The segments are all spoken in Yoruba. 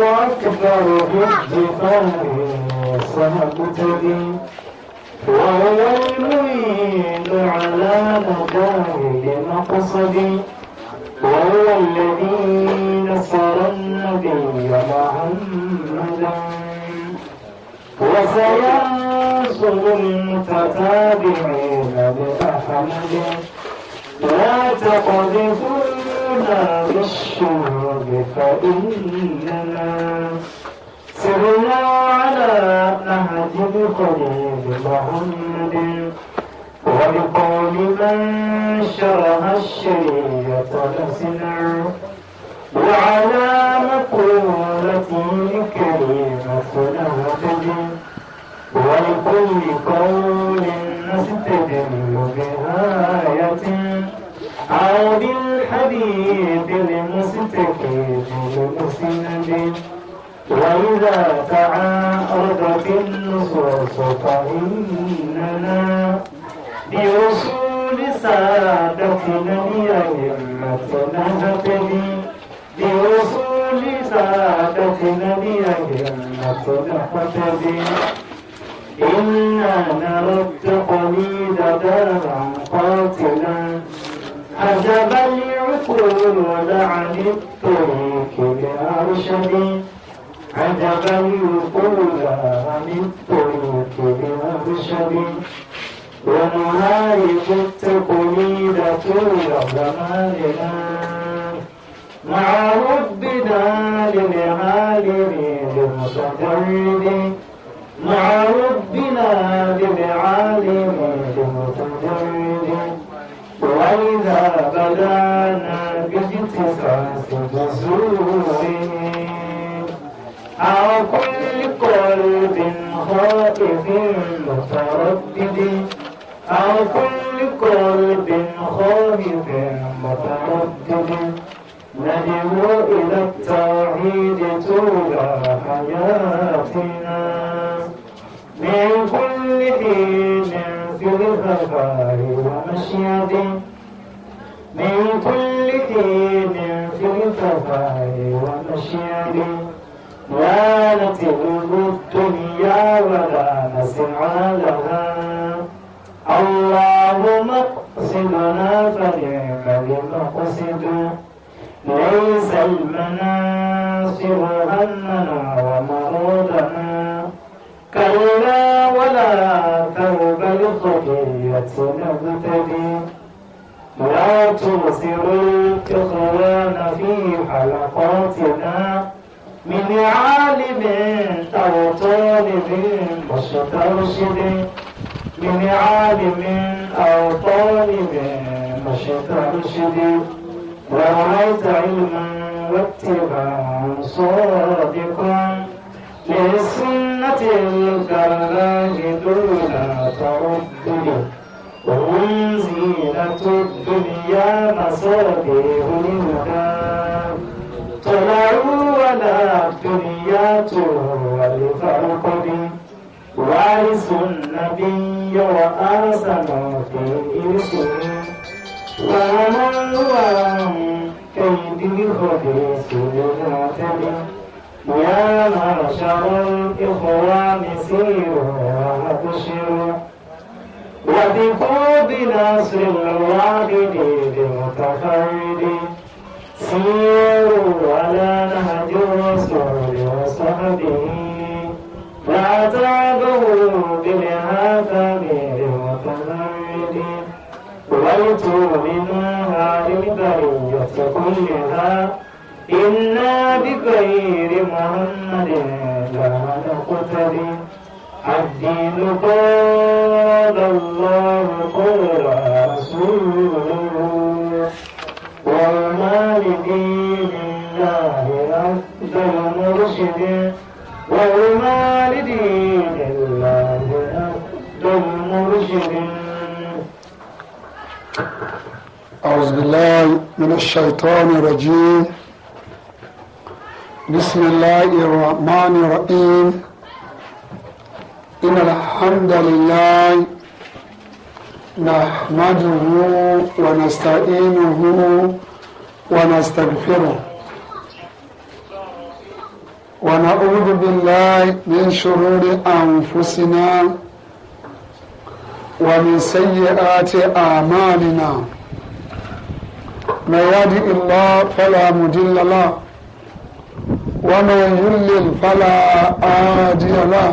أكبر بالتقاص مقتدي وهو المعين على مدار مقصدي وهو الذي نصر النبي محمدا وسينصر المتتابعين بأحمد لا تقذفوا سرنا بالشرب فإننا سرنا على نهج الخليل محمد ولقول من شرح الشريعة لسنا وعلى مقولته كريمة نهتدي ولكل قول نستدل بآية أو بالحديث المستكين المسند وإذا تعارضت النصوص فإننا بوصول سادتنا لأئمتنا نقضي بوصول سادتنا لأئمتنا نقضي إنا نرد قليل درعا قاتلا عجبا أتبلعكم ولعنتم كبار عجبا أتبلعكم ولعنتم كبار شديد ونهارب التقليد طول زماننا مع ربنا للعالمين المتجرد مع ربنا للعالمين المتجرد وإذا بدانا باختصاص جسور أو كل قلب خائف متردد أو كل قلب خائف متردد ندعو إلى التوحيد طول حياتنا من كل دين بالغبار ومشيد من كل دين في الغبار ومشيد لا تهم الدنيا ولا نسعى لها اللهم اقسمنا فنعم المقصد ليس المناصر همنا ومرودنا يدخل مبتدي ولا تبصر الإخوان في حلقاتنا من عالم أو طالب مسترشد من عالم أو طالب مسترشد ورأيت علما واتباعا صادقا للسنة الكراه دون تردد لهم زينة الدنيا مصابيح الهدى طلعوا ولا الدنيا والفرقد وارث النبي وآسم في إرسه ومن وهم كيد الخبيث المعتدي يا معشر الإخوان سيروا وأبشروا وبقوا بنصر الواحد بمتفرد سيروا على نهج الرسول وصحبه لا تعبوا بالعتاب بمتفرد ولتؤمنها للبرية كلها إلا بغير محمد لا نقتدي الدين قال الله قال رسوله وما لدين الله أفضل مرشد وما لدين الله أفضل مرشد أعوذ بالله من الشيطان الرجيم بسم الله الرحمن الرحيم إن الحمد لله نحمده ونستعينه ونستغفره ونعوذ بالله من شرور أنفسنا ومن سيئات أعمالنا من يهد الله فلا مضل له ومن يضلل فلا هادي له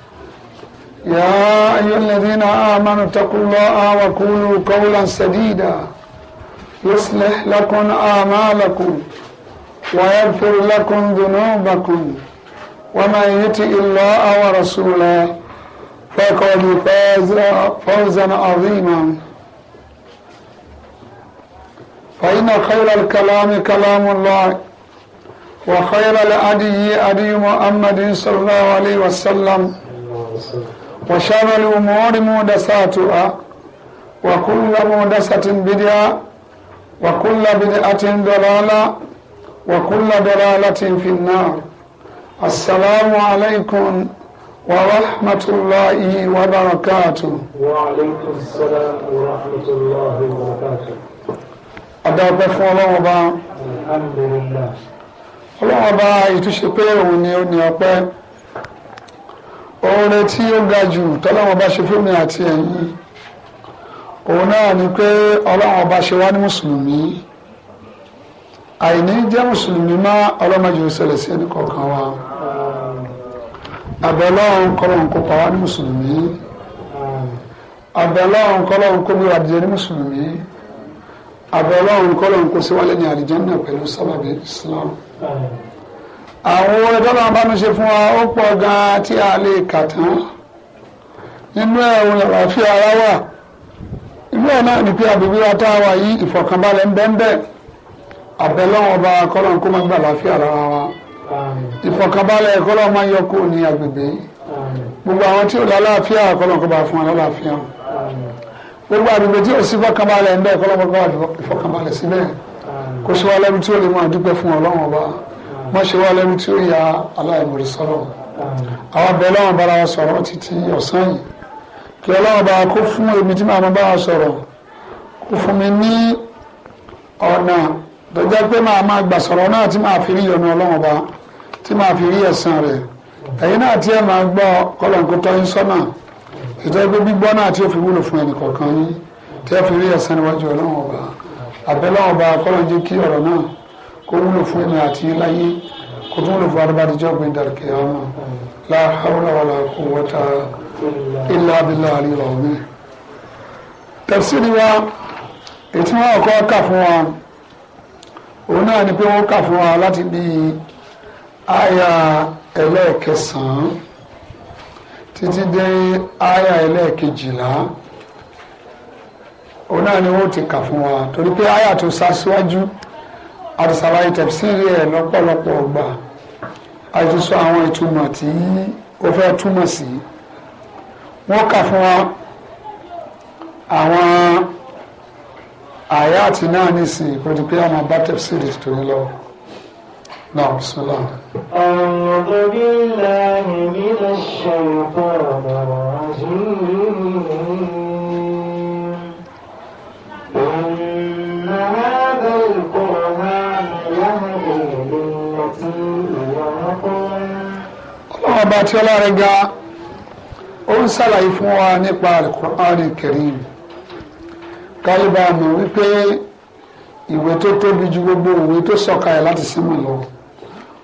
يا أيها الذين آمنوا اتقوا الله وقولوا قولا سديدا يصلح لكم آمالكم ويغفر لكم ذنوبكم ومن يطع الله ورسوله فقد فاز فوزا عظيما فإن خير الكلام كلام الله وخير الأدي أدي محمد صلى الله عليه وسلم وشر الأمور مودساتها وكل مودسة بدعة وكل بدعة ضلالة وكل ضلالة في النار السلام عليكم ورحمة الله وبركاته وعليكم السلام ورحمة الله وبركاته أدعوك الله الحمد لله الله أبا يتشكر وني وني oore tí ó ga jù tọ́lọ́wọ́n bá ṣe fún mi àti ẹ̀yin òun náà ni pé ọlọ́wọ́n bá ṣe wá ní mùsùlùmí àìní jẹ́ mùsùlùmí má ọlọ́mọdé ṣẹlẹ̀ sí ẹnì kọ̀ọ̀kan wa àbẹ̀lọ́run kọ́lọ́run kó pa wá ní mùsùlùmí àbẹ̀lọ́run kọ́lọ́run kó bí wà díẹ̀ ní mùsùlùmí àbẹ̀lọ́run kọ́lọ́run kó síwálé ní àlìjánnà pẹ̀lú sábàbí Islam àwọn oore tọ́lọ́ bá mi ṣe fún wa ó pọ̀ gan-an tí a lè kà tán nínú ẹ̀ òun lọ́rọ̀ fi ara wà inú ẹ̀ náà ni pé àbíbí wa tá a wà yí ìfọ̀kànbalẹ̀ ń bẹ́ńbẹ́ àbẹ̀lọ́wọ̀n ọba kọ́lọ́n kó máa gbà láfíà lára wa ìfọ̀kànbalẹ̀ kọ́lọ́n máa yọ kó ní agbègbè gbogbo àwọn tí ò lálàáfíà kọ́lọ́n kó bá fún wa lálàáfíà gbogbo àgbègbè tí ò sí fọ̀kànbalẹ̀ ń bẹ́ẹ̀ kọ́lọ́n kó bá ìfọ̀kànbalẹ̀ síbẹ̀ kó sọ wa lẹ́nu tí ò lè máa dúpẹ́ fún ọlọ́wọ̀n ọba wọ́n ṣe wá tí ó ya aláìmọ̀rẹ́ sọ̀rọ̀ àwọn abẹ́ ọlọ́run bá wa sọ̀rọ̀ títí ọ̀sán yìí kí ọlọ́run bá wa kó fún èmi tí màá bá wa sọ̀rọ̀ kó fún mi ní ọ̀nà tó jẹ́ pé màá máa gbà sọ̀rọ̀ náà tí màá fi rí ìyọnu ọlọ́run bá tí màá fi rí ẹ̀san rẹ̀ ẹ̀yin náà tí máa gbọ́ kọ́lọ̀ǹkó tọ́yín sọ́nà ìtọ́ pé gbígbọ́ náà tí ó fi wúlò fún ẹnì kọ̀ọ̀kan yín tí ẹ fi rí ẹ̀san níwájú ọlọ́run ọba àbẹ́lọ́run ọba kọ́lọ̀ǹjẹ́ kí ọ̀rọ̀ náà kó wúlò fún mi àti láyé kó tún wúlò fún adébàdí jẹ́ òpin dàrúkẹ́ ọmọ la hawla wala quwwata illa billahi àríwá omi. tafsiri wa ètí wọn kọ́ kà fún wa òun náà ni pé wọ́n kà fún wa láti bí àyà ẹlẹ́ẹ̀kẹsàn-án títí dé àyà ẹlẹ́ẹ̀kejìlá òun náà ni wọ́n ti kà wa torí pé àyà tó sá síwájú. Si àdìsàlàyé tẹ̀síìrì ẹ̀ lọ́pọ̀lọpọ̀ ọgbà àti sọ àwọn ìtumọ̀ tí ó fẹ́ túmọ̀ sí wọ́n kà fún wa àwọn àyáàtì náà nísìnyí kò di pé àwọn bá tẹ̀síìrì tó ń lọ. نعم بسم الله أعوذ بالله من الشيطان الرجيم ọlọ́run ọba tí ọlára ga ó ń sàlàyé fún wa nípa Al-Qur'ani Karim kálíbà mọ̀ wípé ìwé tó tóbi ju gbogbo ìwé tó sọ̀kalẹ̀ láti sánmà lọ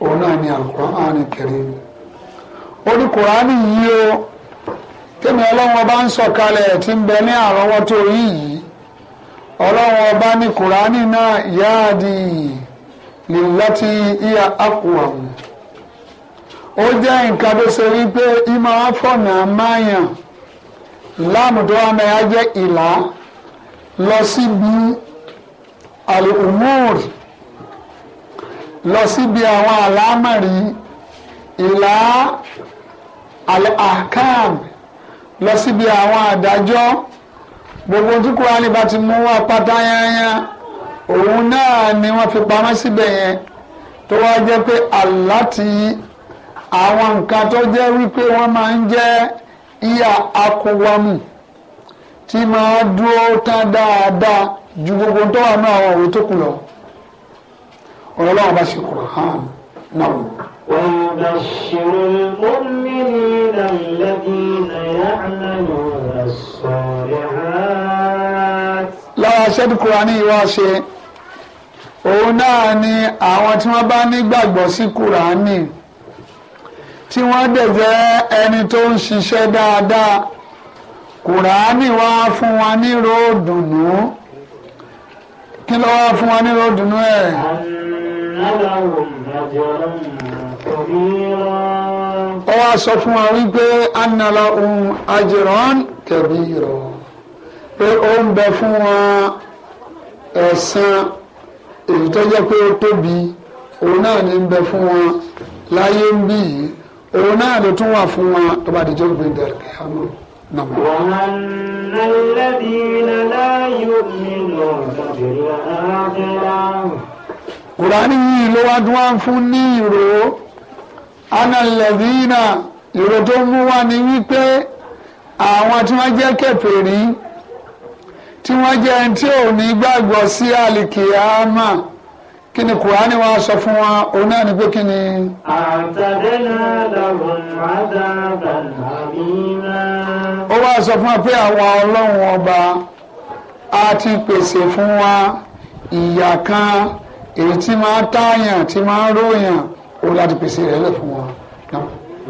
òun náà ni Al-Qur'ani ó ní kùránì yìí ó tẹ́mi ọlọ́run ọba ń sọ̀kalẹ̀ tí ń bẹ ní yìí ọba ní kùránì náà yáàdì lìlátì ìyá àkùwàm ó jẹ́ nǹkan tó ṣe wípé ìmọ̀ afọ̀nà máyàn láàmù tó wà mẹ́ra jẹ́ ìlà lọ síbi àlùmúùrì lọ síbi àwọn àlámọ̀rí ìlà àkàm lọ síbi àwọn àdájọ́ gbogbo tí kúránì bá ti mú wá pátá òun náà ni wọ́n fi pamọ́ síbẹ̀ yẹn tó wá jẹ́ pé àláti àwọn nǹkan tó jẹ́ wípé wọ́n máa ń jẹ́ ìyá akọwàmù tí máa dúró tán dáadáa ju gbogbo tó wà náà àwọn òwe tó kù lọ ọ̀rọ̀ ọlọ́run bá ṣe kúrò hàn náà. وبشر المؤمنين الذين يعملون الصالحات. lára ṣẹ́dúkúra ní ìwá ṣe òun náà ni àwọn tí wọ́n bá nígbàgbọ́ sí kùránì tí wọ́n dẹ̀ jẹ́ ẹni tó ń ṣiṣẹ́ dáadáa kùránì wá fún wa ní ròdùnú kí ló wá fún wa ní ròdùnú ẹ̀. ó wá sọ fún wa wípé anala ohun ajẹrán kẹbí rọ pé ó ń bẹ fún wa ẹ̀san. E èyí tó jẹ́ pé ó tóbi òun náà ní ń bẹ fún wọn láyé ń bì í òun náà ló tún wà fún wọn tó bá di jọ́ gbé dẹ̀rẹ̀ kíámọ́ nàmú. وأن الذين لا يؤمنون بالآخرة kùránì yìí ló wá dún wá fún ní ìró analẹ̀dínà ìró tó mú wá ní wípé àwọn tí wọ́n jẹ́ kèfèrí tí wọ́n jẹ́ ẹni tí ò ní gbàgbọ́ sí àlìkìyámà kí ni kùránì wa sọ fún wa òun náà ni pé kí ni. àtàdénà lọ́rùn àdàbà àmìnà. ó wá sọ fún wa pé àwọn ọlọ́run ọba a ti pèsè fún wa ìyà kan èyí tí máa tààyàn tí máa ròyàn ó láti pèsè rẹ̀ lẹ̀ fún wa.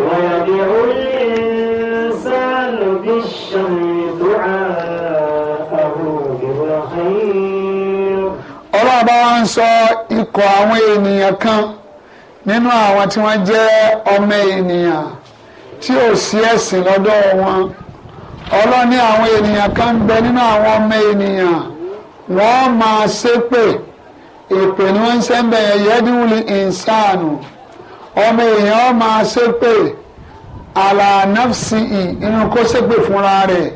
wọ́n orí ẹ̀ ń sá lóbi ṣan. ọlọ́run bá wá ń sọ ikọ̀ àwọn ènìyàn kan nínú àwọn tí wọ́n jẹ́ ọmọ ènìyàn tí ò sí ẹ̀sìn lọ́dọ̀ wọn ọlọ́run àwọn ènìyàn kan ń bẹ nínú àwọn ọmọ ènìyàn wọ́n máa ṣépè èpè ni wọ́n ń sẹ́ńbẹ̀ yẹn yẹ́dúwìlì ìǹsàánù ọmọ èèyàn máa ṣépè àlàáfíì inú kó ṣépè fúnra rẹ̀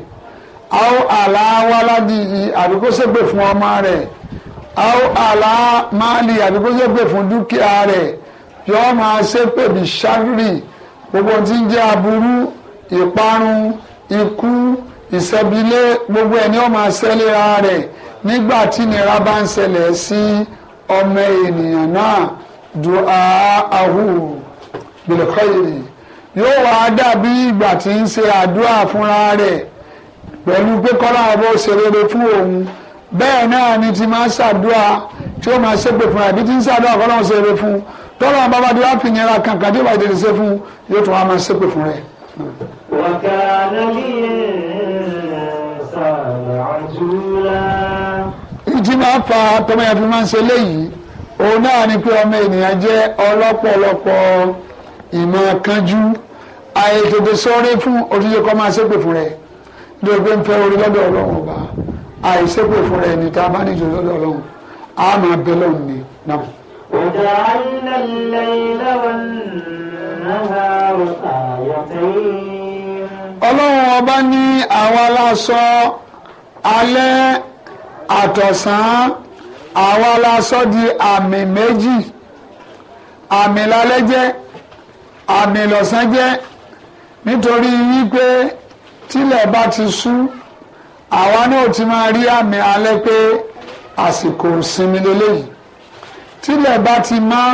aw ala waladi àbí kó ṣègbè fún ọmọ rẹ̀ aw ala mali àbí kó ṣègbè fún dúkìá rẹ̀ yọọ máa ṣépè bí ṣáfìrì gbogbo tí ń jẹ́ aburú ìparun ikú ìṣẹ́bílé gbogbo ẹni ó máa ṣẹlẹ́ra nígbà tí nira bá ń ṣẹlẹ̀ sí ọmọ ènìyàn náà dùá ahu bìlẹ̀kọ́ yìí yóò wá dàbí ìgbà tí ń ṣe àdúrà fúnra rẹ̀ pẹ̀lú pé kọ́lá ọba ó ṣe rere fún òun bẹ́ẹ̀ náà ni ti máa ṣàdúrà tí ó máa ṣépè fún àbí tí ń ṣàdúrà kọ́lá ó ṣe rere fún tọ́lá ọba bá di wá fi yẹn ra kankan tí ó bá tètè ṣe fún yóò tún wá máa ṣépè fún rẹ̀. ìjì máa fa tọmọ yẹn fi máa ń ṣe léyìí òun náà ni pé ọmọ ènìyàn jẹ́ ọlọ́pọ̀lọpọ̀ ìmọ̀ kanjú àyètètè sọ́ọ́rẹ́ fún òtúnṣe kọ́ máa ṣépè fún rẹ̀ ní ogún fẹ́ orí lọ́dọ̀ ọlọ́run ọba àìsèpò fúnra ẹni tá a bá níjọ lọ́dọ̀ ọlọ́run a máa bẹ lọ́run ni náà. وجعلنا الليل والنهار آيتين. ọlọ́run ọba ní àwa la sọ alẹ́ àtọ̀sán àwa la di àmì méjì àmì lálẹ́ jẹ́ àmì lọ́sàn jẹ́ nítorí wípé tílẹ̀ bá ti sú àwa náà ti máa rí àmì alẹ́ pé àsìkò ìsinmi lélẹ́yìí tílẹ̀ bá ti mọ́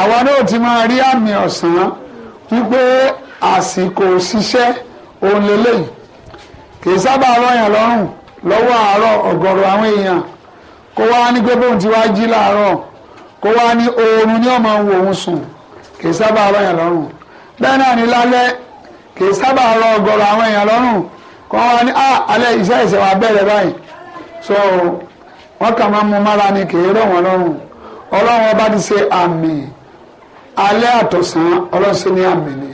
àwa náà ti máa rí àmì ọ̀sán wípé àsìkò ṣiṣẹ́ òun lélẹ́yìí kì í sábà rọyàn lọ́rùn lọ́wọ́ àárọ̀ ọ̀gọ̀rọ̀ àwọn èèyàn kó wá ní pé bóun ti wá jí láàárọ̀ kó wá ní oorun ní ọmọ òun sùn kì sábà rọyàn lọ́rùn bẹ́ẹ̀ náà ní lálẹ́ kì í sábà rọ ọ̀gọ̀rọ̀ àwọn èèyàn lọ́rùn kọ́ wọn ní ah, alẹ́ iṣẹ́ ìṣẹ̀ wa bẹ̀rẹ̀ báyìí so wọn kà máa mú mára ni kì í rọ̀ wọn lọ́rùn ọlọ́run ọba ti ṣe àmì alẹ́ àtọ̀sán ọlọ́run ṣe ní àmì ni.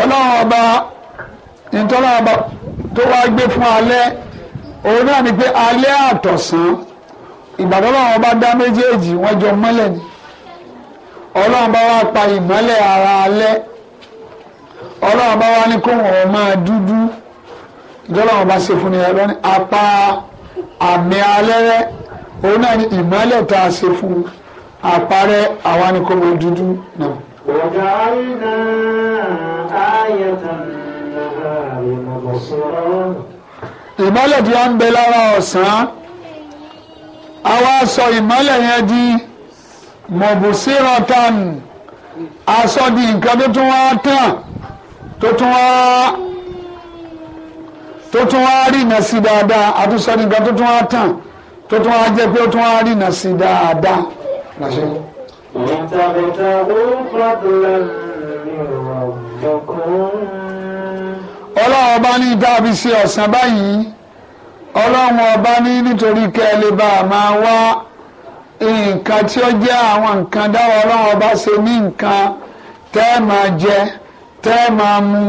ọlọ́run ọba ìtọ́lá ọba tó wá gbé fún alẹ́ òun náà ni pé alẹ́ àtọ̀sán ìgbàdọ́lọ́run ọba dá méjèèjì wọ́n jọ mọ́lẹ̀ ni. ọlọ́run bá wá pa ìmọ́lẹ̀ ara alẹ́ ọlọ́run bá wá ní kó wọ́n máa dúdú ìjọlọ́run bá ṣe fún ni ẹ lọ́ní apá àmì alẹ́rẹ́ òun náà ni ìmọ́lẹ̀ tá a ṣe fún àparẹ́ àwa ni kó wọ́n dúdú náà. ọ̀gá àìná ayẹ̀tàn náà lè tí wọ́n ń bẹ lára ọ̀sán àwa sọ ìmọ́lẹ̀ yẹn di mọ̀bùsírọ̀tàn aṣọ di nǹkan tó tún wá tàn tó tún wá tó tún sí dáadáa àtúnṣe nǹkan tó tún wá tàn tó tún wá jẹ́ pé ó tún wá rìnà sí dáadáa. ọlọ́run ọba ní dábì sí ọ̀sán báyìí ọlọ́run ọba ní nítorí kẹ́ bá a máa wá nǹkan tí ó jẹ́ àwọn nǹkan dáwọ́ ọlọ́run ọba ṣe ní nǹkan tẹ́ ẹ máa jẹ tẹ́ ẹ máa mu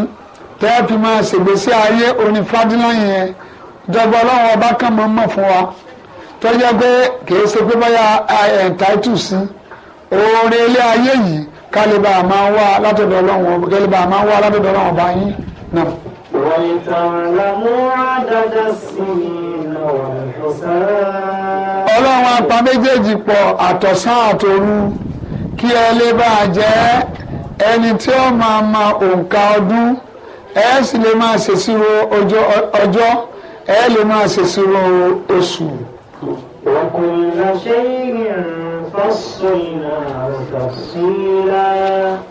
tẹ́ ẹ fi máa ṣègbésí ayé oní fadínà yẹn ìjọba ọlọ́run ọba kan máa ń mọ̀ fún wa tó jẹ́ pé kìí ṣe pé báyà ẹ̀ǹtáìtù sí oore ilé ayé yìí kálíbà máa ń wá látọ̀dọ̀ ọlọ́run ọba yín náà ọlọ́run apá méjèèjì pọ̀ àtọ̀sán àtòru kí ẹ lè bá a jẹ́ ẹni tí ó máa ma òǹkà ọdún ẹ sì lè máa ṣèṣirò ọjọ́ ẹ lè máa ṣèṣirò oṣù.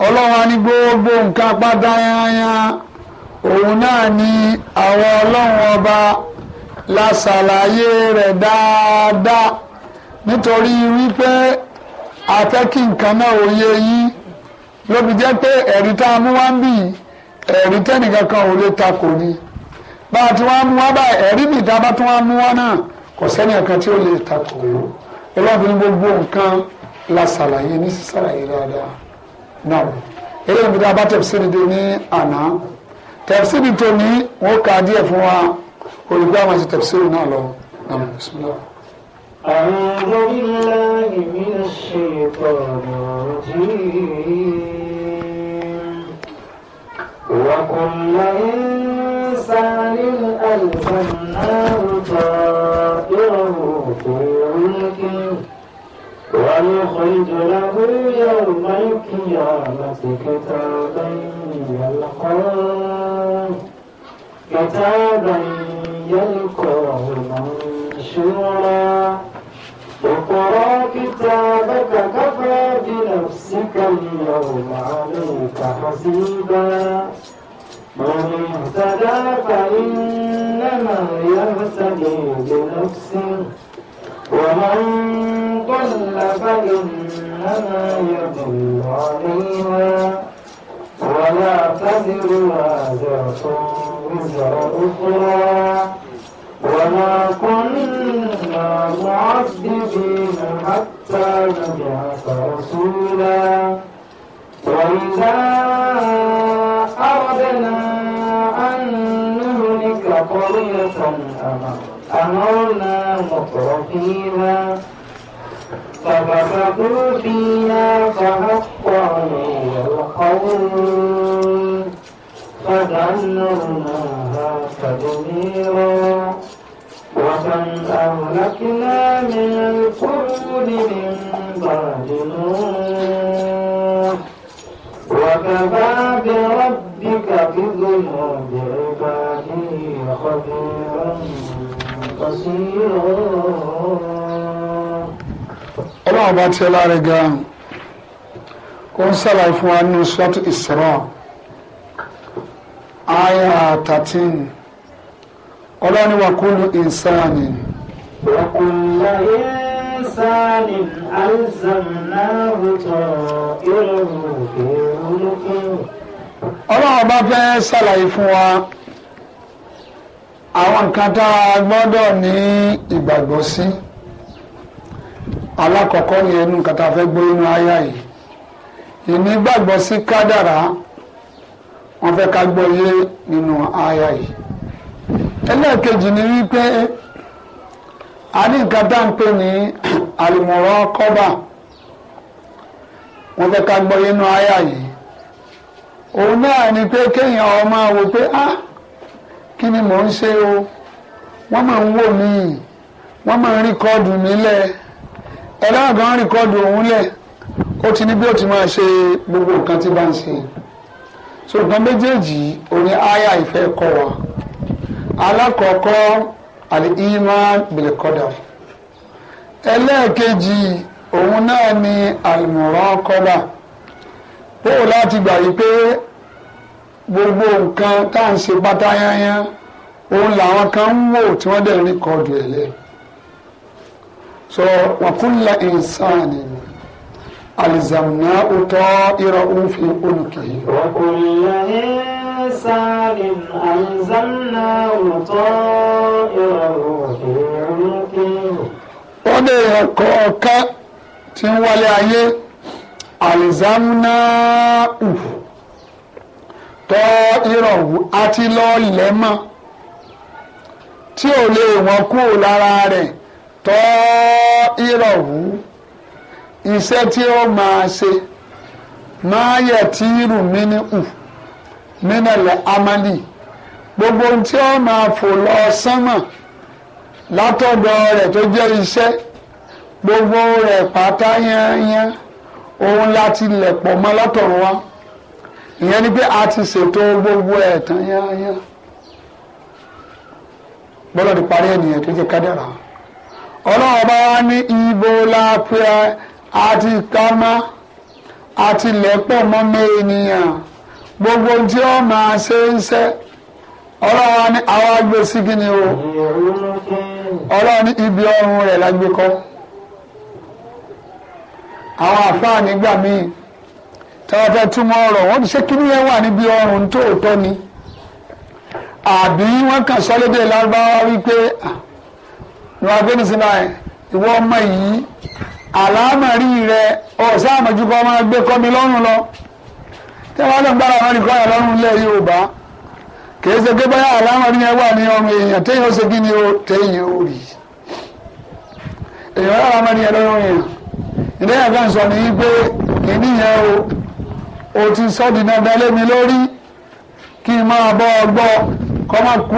ọlọ́run á ní gbogbo nǹkan apá dáyáyá òun náà ni àwọn ọlọ́run ọba la ṣàlàyé rẹ̀ dáadáa nítorí wípé a fẹ́ kí nǹkan náà ò yé yín ló fi jẹ́ pé ẹ̀rí tá a mú wá ń bì ẹ̀rí tẹ́nìkan kan ò lè takò ni bá a ti wá mú wá báyìí ẹ̀rí mi tá bá tún wá mú wá náà kò sẹ́ni ẹ̀kan tí ó lè takò ọlọ́run gbogbo nǹkan la ṣàlàyé ní sísàlàyé dáadáa náà eléyìí bí tá a bá tẹ̀ sí ní àná tẹ̀síìrì tó ní wọ́n kà díẹ̀ fún wa olùgbé àwọn ti tẹ̀síìrì náà lọ nàmú bisimilá. أعوذ بالله من الشيطان الرجيم وكل إنسان ألزمناه طائره في عنقه ونخرج له يوم القيامة كتابا يلقاه كتابا يلقاه منشورا اقرأ كتابك كفى بنفسك اليوم عليك حسيبا من اهتدى فإنما يهتدي بنفسه ومن ضل فإنما يضل عليها ولا تزر وازرة وزر أخرى وما كنا معذبين حتى نبعث رسولا وإذا أردنا أن نهلك قرية أمرنا أمرنا مطرفيها ففسقوا فيها فحق عليها القول فدمرناها تدميرا وكم أهلكنا من القرون من بعد نوح وكفى بربك بذنوب عباده خبيرا ọlọ́run ọba tí ẹ láre gan ó ń ṣàlàyé fún wa nínú sọ́tù Isra aya thirteen ọlọ́run wa kullu insani. wa kullu insani alzamnahu ta'irahu fi unuqi. ọlọ́run ọba fẹ́ ṣàlàyé fún wa àwọn nǹkan tá a gbọ́dọ̀ ní ìgbàgbọ́ sí alákọ̀ọ́kọ́ ni ẹnu nǹkan tá a fẹ́ gbọ́ inú àyà yìí ìní gbàgbọ́ sí kádàrá wọ́n fẹ́ ká gbọ́ yé nínú àyà yìí ẹlẹ́ẹ̀kejì ni wípé a ní nǹkan tá à ń pè ní àlùmọ̀rọ̀ kọ́bà wọ́n fẹ́ ká gbọ́ yé nínú àyà yìí òun náà ni pé kéèyàn ọmọ wò pé ah kí ni mò ń ṣe o wọ́n máa ń wò mí wọ́n máa ń rìkọ́ọ̀dù mí lẹ̀ ẹlẹ́wọ̀n kan rìkọ́ọ̀dù òun lẹ̀ ó ti ní bí ó ti máa ṣe gbogbo nǹkan tí bá ń ṣe ṣùgbọ́n méjèèjì orin aya ìfẹ́ kọ wa alákọ̀ọ́kọ́ al-iman bil-qadar ẹlẹ́ẹ̀kejì òun náà ni al-muraqaba bó o láti gbà yí pé gbogbo nǹkan tá à ń ṣe bàtà yányán òun làwọn kan ń wò tí wọ́n dẹ̀ rí kọ́ọ̀dù ẹ̀ lẹ̀ so wàkúlẹ̀ ìsàn alizamna utọ irọ òfin olùkè. wàkúlẹ̀ ìsàn alizamna utọ irọ òfin olùkè. ó lè kọ̀ọ̀kan tí ń wálé ayé alizamna utọ tọ́ ìrọ̀wù àti lọ lẹ́mọ́ tí ò lè wọ́n kú lára rẹ̀ tọ́ ìrọ̀wù iṣẹ́ tí ó máa ṣe máa yẹ tí irú mi ní hù nínàlẹ̀ amálì gbogbo ohun tí ó máa fò lọ sánmà látọ̀dọ̀ rẹ̀ tó jẹ́ iṣẹ́ gbogbo rẹ̀ pátá yányán òun láti lẹ̀ pọ̀ mọ́ látọ̀run wa ìyẹn ni pé a ti ṣètò gbogbo ẹ̀ tán yányán bọ́lá ti parí ẹ̀nìyàn tó jẹ́ kádàrà ọlọ́run bá wá ní ibo lápẹ́ àti kámá àti lẹ́pọ̀ mọ́mọ́ ènìyàn gbogbo tí ó máa ṣe ń ṣe ọlọ́run ní àwa gbé sí kíni o ọlọ́run ní ibi ọrùn rẹ̀ lágbé àwọn àfáà nígbà míì táwọn fẹ́ túmọ̀ ọ̀rọ̀ wọ́n ti ṣé kí nìyẹn wà níbi ọrùn tóòtọ́ ni àbí wọ́n kàn sọ lédè lárúbáwá wípé wọn agbẹ́ni sí báyìí ìwọ ọmọ yìí àlámọ̀rí rẹ ọ̀sẹ̀ àmọ̀júkọ ọmọ gbé kọ́mi lọ́rùn lọ tẹ́wọ́n lè gbára wọn nìkan yà lọ́rùn ilẹ̀ Yorùbá kìí ṣe pé báyà àlámọ̀rí yẹn wà ní ọrùn èèyàn téèyàn ó ṣe kí ni ó téèyàn ó rí èèyàn àlámọ̀rí yẹn lọ́rùn èèyàn ìdẹ́yà kan sọ ní pé kìíní yẹn o o ti sọ di dandan mi lórí kí n máa bọ́ ọ gbọ́ máa kú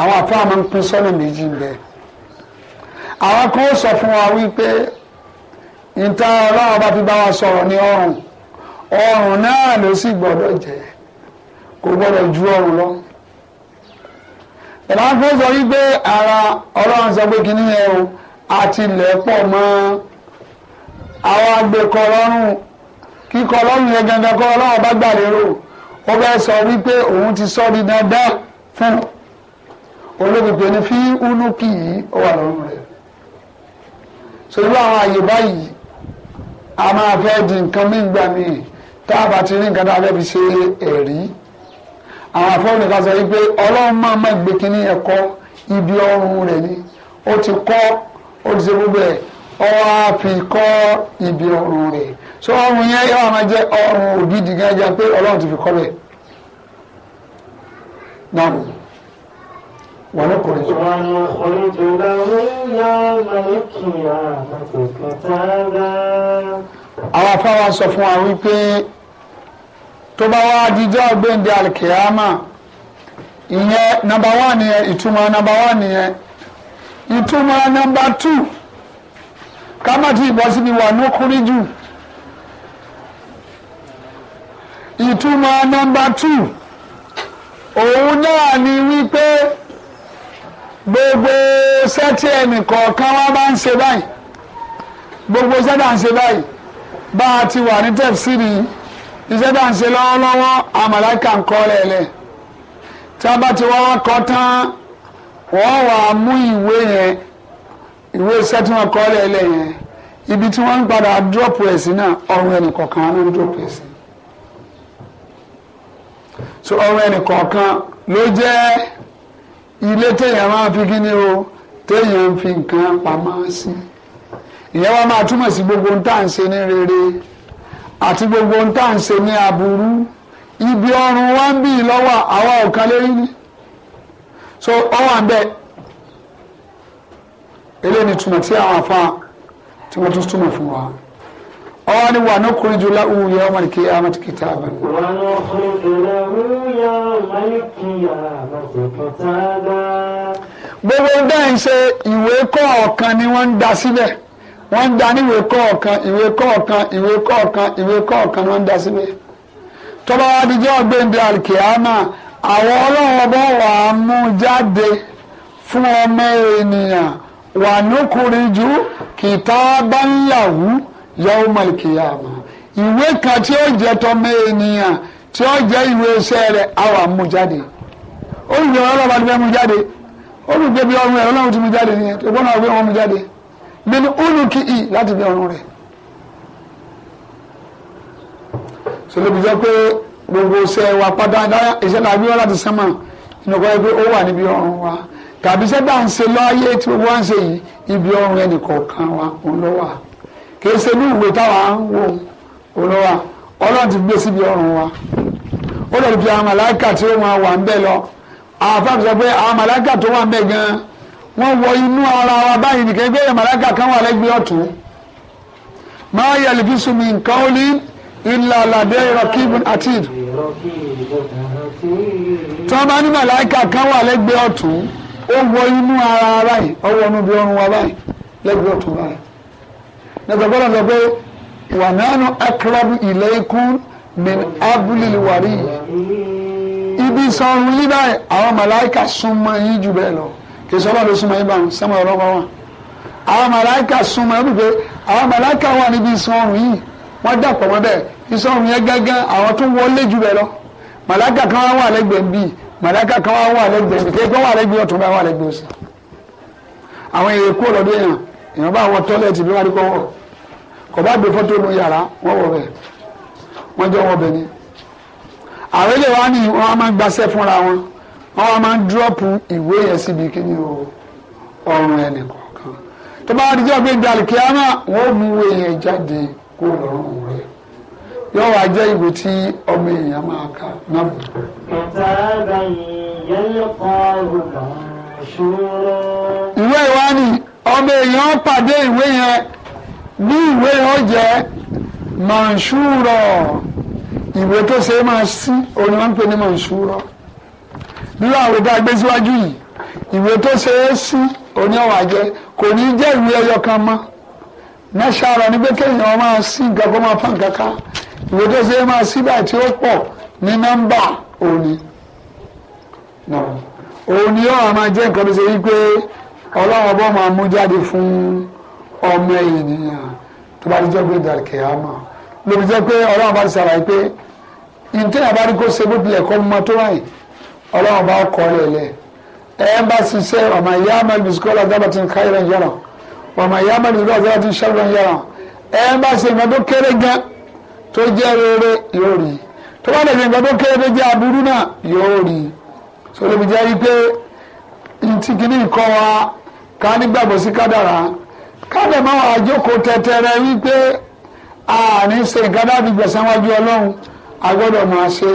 àwọn àfáà máa ń pín sọ́nà méjì bẹ́ẹ̀ àwọn kan sọ fún wa wípé níta ọlọ́run bá fi bá wa sọ̀rọ̀ ní ọrùn ọrùn náà ló sì gbọ́dọ̀ jẹ́ kò gbọ́dọ̀ ju ọrùn lọ ìlànà sọ wípé ara ọlọ́run sọ pé kínní o àti ilẹ̀ pọ̀ mọ́ àwọn agbèkọ̀ kíkọ ọlọ́run yẹn gangan kọ́ ọlọ́run bá gbà lérò ó bẹ́ẹ̀ sọ wípé òun ti sọ ní dandan fún olóògbé ní fí únúkì yìí ó wà lọ́rùn rẹ̀ so irú àwọn àyè báyìí a máa fẹ́ di nǹkan mí gbà mí tá a bá ti rí nǹkan tá a fẹ́ fi ṣe ẹ̀rí àwọn afọ́nù kan sọ wípé ọlọ́run máa má gbé kínní ẹ̀kọ́ ibi ọrùn rẹ̀ ni ó ti kọ́ ó ti ṣe gbogbo ẹ̀ ọ wá fi kọ́ ibi ọrùn rẹ̀ so ọrùn yẹn yọ àwọn jẹ ọrùn ògidì gan jẹ pé ọlọ́run ti fi kọ́ bẹ́ẹ̀ náà wà ní kò rí jù. wà ní orí tó dáwọ́ yá mẹ́lẹ́kì àtàkùtàdá. àwọn afáwa sọ fún wa wípé tó bá wá dídá ọgbẹ́ndé alikiyama ìyẹn nàmbà wà nìyẹn ìtumọ̀ nàmbà wà nìyẹn ìtumọ̀ nàmbà tù ká má ti bọ́ síbi wà ní kúrí jù. ìtumọ̀ nọ́mbà tù òun náà ni wípé gbogbo sẹ́tì ẹnìkọ̀ọ̀kan wá bá ń ṣe báyìí gbogbo sẹ́tì à ń ṣe báyìí bá a ti wà ní tẹ̀síìrì iṣẹ́ bá ń ṣe lọ́wọ́lọ́wọ́ àmàlàkà ń kọ́ lẹ́lẹ̀ tí a bá ti wá kọ́ tán wọ́n wà á mú ìwé yẹn ìwé iṣẹ́ tí wọ́n kọ́ lẹ́lẹ̀ yẹn ibi tí wọ́n ń padà dúrọ̀pù ẹ̀ sí náà ọrùn ẹnìkọ̀ọ̀kan ló ń dúrọ̀pù ẹ̀ sí so ọwọ́ ẹnì kọ̀ọ̀kan ló jẹ́ ilé téèyàn máa fi kíni o téèyàn fi nǹkan pamọ́ sí ìyẹn wá máa túmọ̀ sí gbogbo ohun tá à ń ṣe ní rere àti gbogbo ohun tá ń ṣe ní aburú ibi ọrùn wa ń bì lọ́wọ́ àwa ọ̀kan lérí ni so ọwọ́ àbẹ eléyìí ni túmọ̀ tí àwọn afa tí wọ́n tún túmọ̀ fún wa ọwọ́ ni wà ní kúrú jùlọ òun yẹ ọmọ nìkí àmọ́ ti kìtà bá. wà á lọ kúrú jùlọ òun yẹ ọmọ nìkí àmọ́ ti kìtà bá. gbogbo dáhùn ṣe ìwé kọ̀ọ̀kan ni wọ́n ń da síbẹ̀ wọ́n ń da ní ìwé kọ̀ọ̀kan ìwé kọ̀ọ̀kan ìwé kọ̀ọ̀kan ìwé kọ̀ọ̀kan ni wọ́n ń da síbẹ̀. tọ́ba wa di alikiyama àwọn ọlọ́run ọba wà á mú jáde fún ọmọ ènìyàn wà ní jù kìtà yawmal qiyama ìwé kan tí ó jẹ́ tọ́mọ ènìyàn tí ó jẹ́ ìwé iṣẹ́ rẹ̀ àwọn amújáde olùgbé ọlọ́ba ti fẹ́ mú jáde olùgbé bí ọrùn rẹ̀ ọlọ́run ti mú jáde nìyẹn tó gbọ́dọ̀ gbé wọn mú jáde nínú olùkí ì láti bí ọrùn rẹ̀. sọlẹ́bi jẹ́ pé gbogbo iṣẹ́ wa pátá iṣẹ́ náà gbéwá láti sánmà ìnàkọ́ yẹ pé ó wà níbi ọrùn wa tàbí iṣẹ́ tá à ń ṣe tí gbogbo wa ń ṣe yìí ibi ọrùn ẹnì kọ̀ọ̀kan wa òun ló wà kì í ṣe ní ìwé táwa ń wo olówà ọlọ́run ti gbé síbi ọrùn wa ó lè fi àwọn màláìkà tí ó máa wà ń bẹ lọ àfáàmì sọ pé àwọn màláìkà tó wà ń bẹ gan wọ́n wọ inú ara wa báyìí nìkan gbé màláìkà kan wà lẹ́gbẹ̀ẹ́ ọ̀tún máa yẹ lè fi sùnmí nǹkan ó ní ilà àlàdé ìrọ̀kíbùn tí wọ́n bá ní màláìkà kan wà lẹ́gbẹ̀ẹ́ ọ̀tún ó wọ inú ara báyìí ọwọ́ inú bí ọrùn wa báyìí lẹ́gbẹ̀ẹ́ ọ̀tún báyìí nígbàgbọ́ lọ́nà pé wà nánú akrabu ilaykum min abúlé wàrí ibi sọrun líbà àwọn màláìka súnmọ́ yín jù bẹ́ẹ̀ lọ kì í sọ ọlọ́run súnmọ́ yín báwọn sẹ́mu ọlọ́wọ́ wọn àwọn màláìka súnmọ́ yín pé àwọn màláìka wà níbi sọrun yìí wọ́n dàpọ̀ wọn bẹ́ẹ̀ ìsọrun yẹn gángan àwọn tó wọlé jù bẹ́ẹ̀ lọ màláìka kan wà lẹ́gbẹ̀ẹ́ bíi màláìka kan wà lẹ́gbẹ̀ẹ́ bíi kéèkó wà lẹ́gbẹ̀ẹ́ ọ̀tún bá wà lẹ́gbẹ̀ẹ́ òsì àwọn èrè kú ọ̀lọ́dún yẹn èèyàn bá wọ tọ́lẹ̀tì bí wọ́n rí kọ́ wọ̀ kò bá gbé fọ́tò nu yàrá wọ́n wọ̀ bẹ̀ wọ́n jọ wọ̀ bẹ̀ ni. àwọn ilé wa ni wọ́n máa ń gbaṣẹ́ fúnra wọn wọ́n máa ń dúrọ́pù ìwé yẹn síbi kíní ọrùn ẹnì kọ̀ọ̀kan tó bá dijọ́ pé dàlùkì àmà wọ́n mú ìwé yẹn jáde kó lọ́rùn rẹ̀ yóò wá jẹ́ ìwé tí ọmọ èèyàn máa kà náà. ìwé ìwá ni ọmọ èèyàn pàdé ìwé yẹn ní ìwé yẹn jẹ́ mọ̀nsúrọ̀ ìwé tó ṣe máa sí òun ni wọ́n ń pè ní mọ̀nsúrọ̀ nínú àwọn ìdá gbé síwájú yìí ìwé tó ṣe é sí òun ni ọ̀wà jẹ́ kò ní jẹ́ ìwé ẹyọ kan mọ́ mẹ́ṣára ni pé kéèyàn máa sí nǹkan kó máa fà nǹkan ká ìwé tó ṣe é máa sí báyìí tí ó pọ̀ ní nọ́mbà òun ni òun máa jẹ́ nǹkan tó ṣe wípé ọlọ́run ọba máa mú jáde fún ọmọ ènìyàn tó bá ti jẹ́ pé dàrúkẹ́ àmọ́ lóbi jẹ́ pé ọlọ́run bá ti ṣàlàyé pé ntẹ́ àbárí kó ṣe bó tilẹ̀ kọ́ mọ́ tó wáyé ọlọ́run bá kọ́ ọ lẹ̀lẹ́ ẹ bá ṣiṣẹ́ ọmọ ìyá amẹ́lì bisikọ́lá dábàtì káyọ̀rọ̀ yẹ̀rọ̀ ọmọ ìyá amẹ́lì bisikọ́lá dábàtì ṣẹ́rọ̀ yẹ̀rọ̀ ẹ bá ṣe nǹkan kéré gan tó jẹ́ rere yóò rí tó bá dẹ̀bi nǹkan tó so lóbi jẹ́ wípé ntí ká nígbàgbọ́ sí kádàrá kádà máa wà jókòó tẹtẹrẹ wípé àní ṣe nǹkan láti gbẹ̀sán wájú ọlọ́run a gbọ́dọ̀ máa ṣe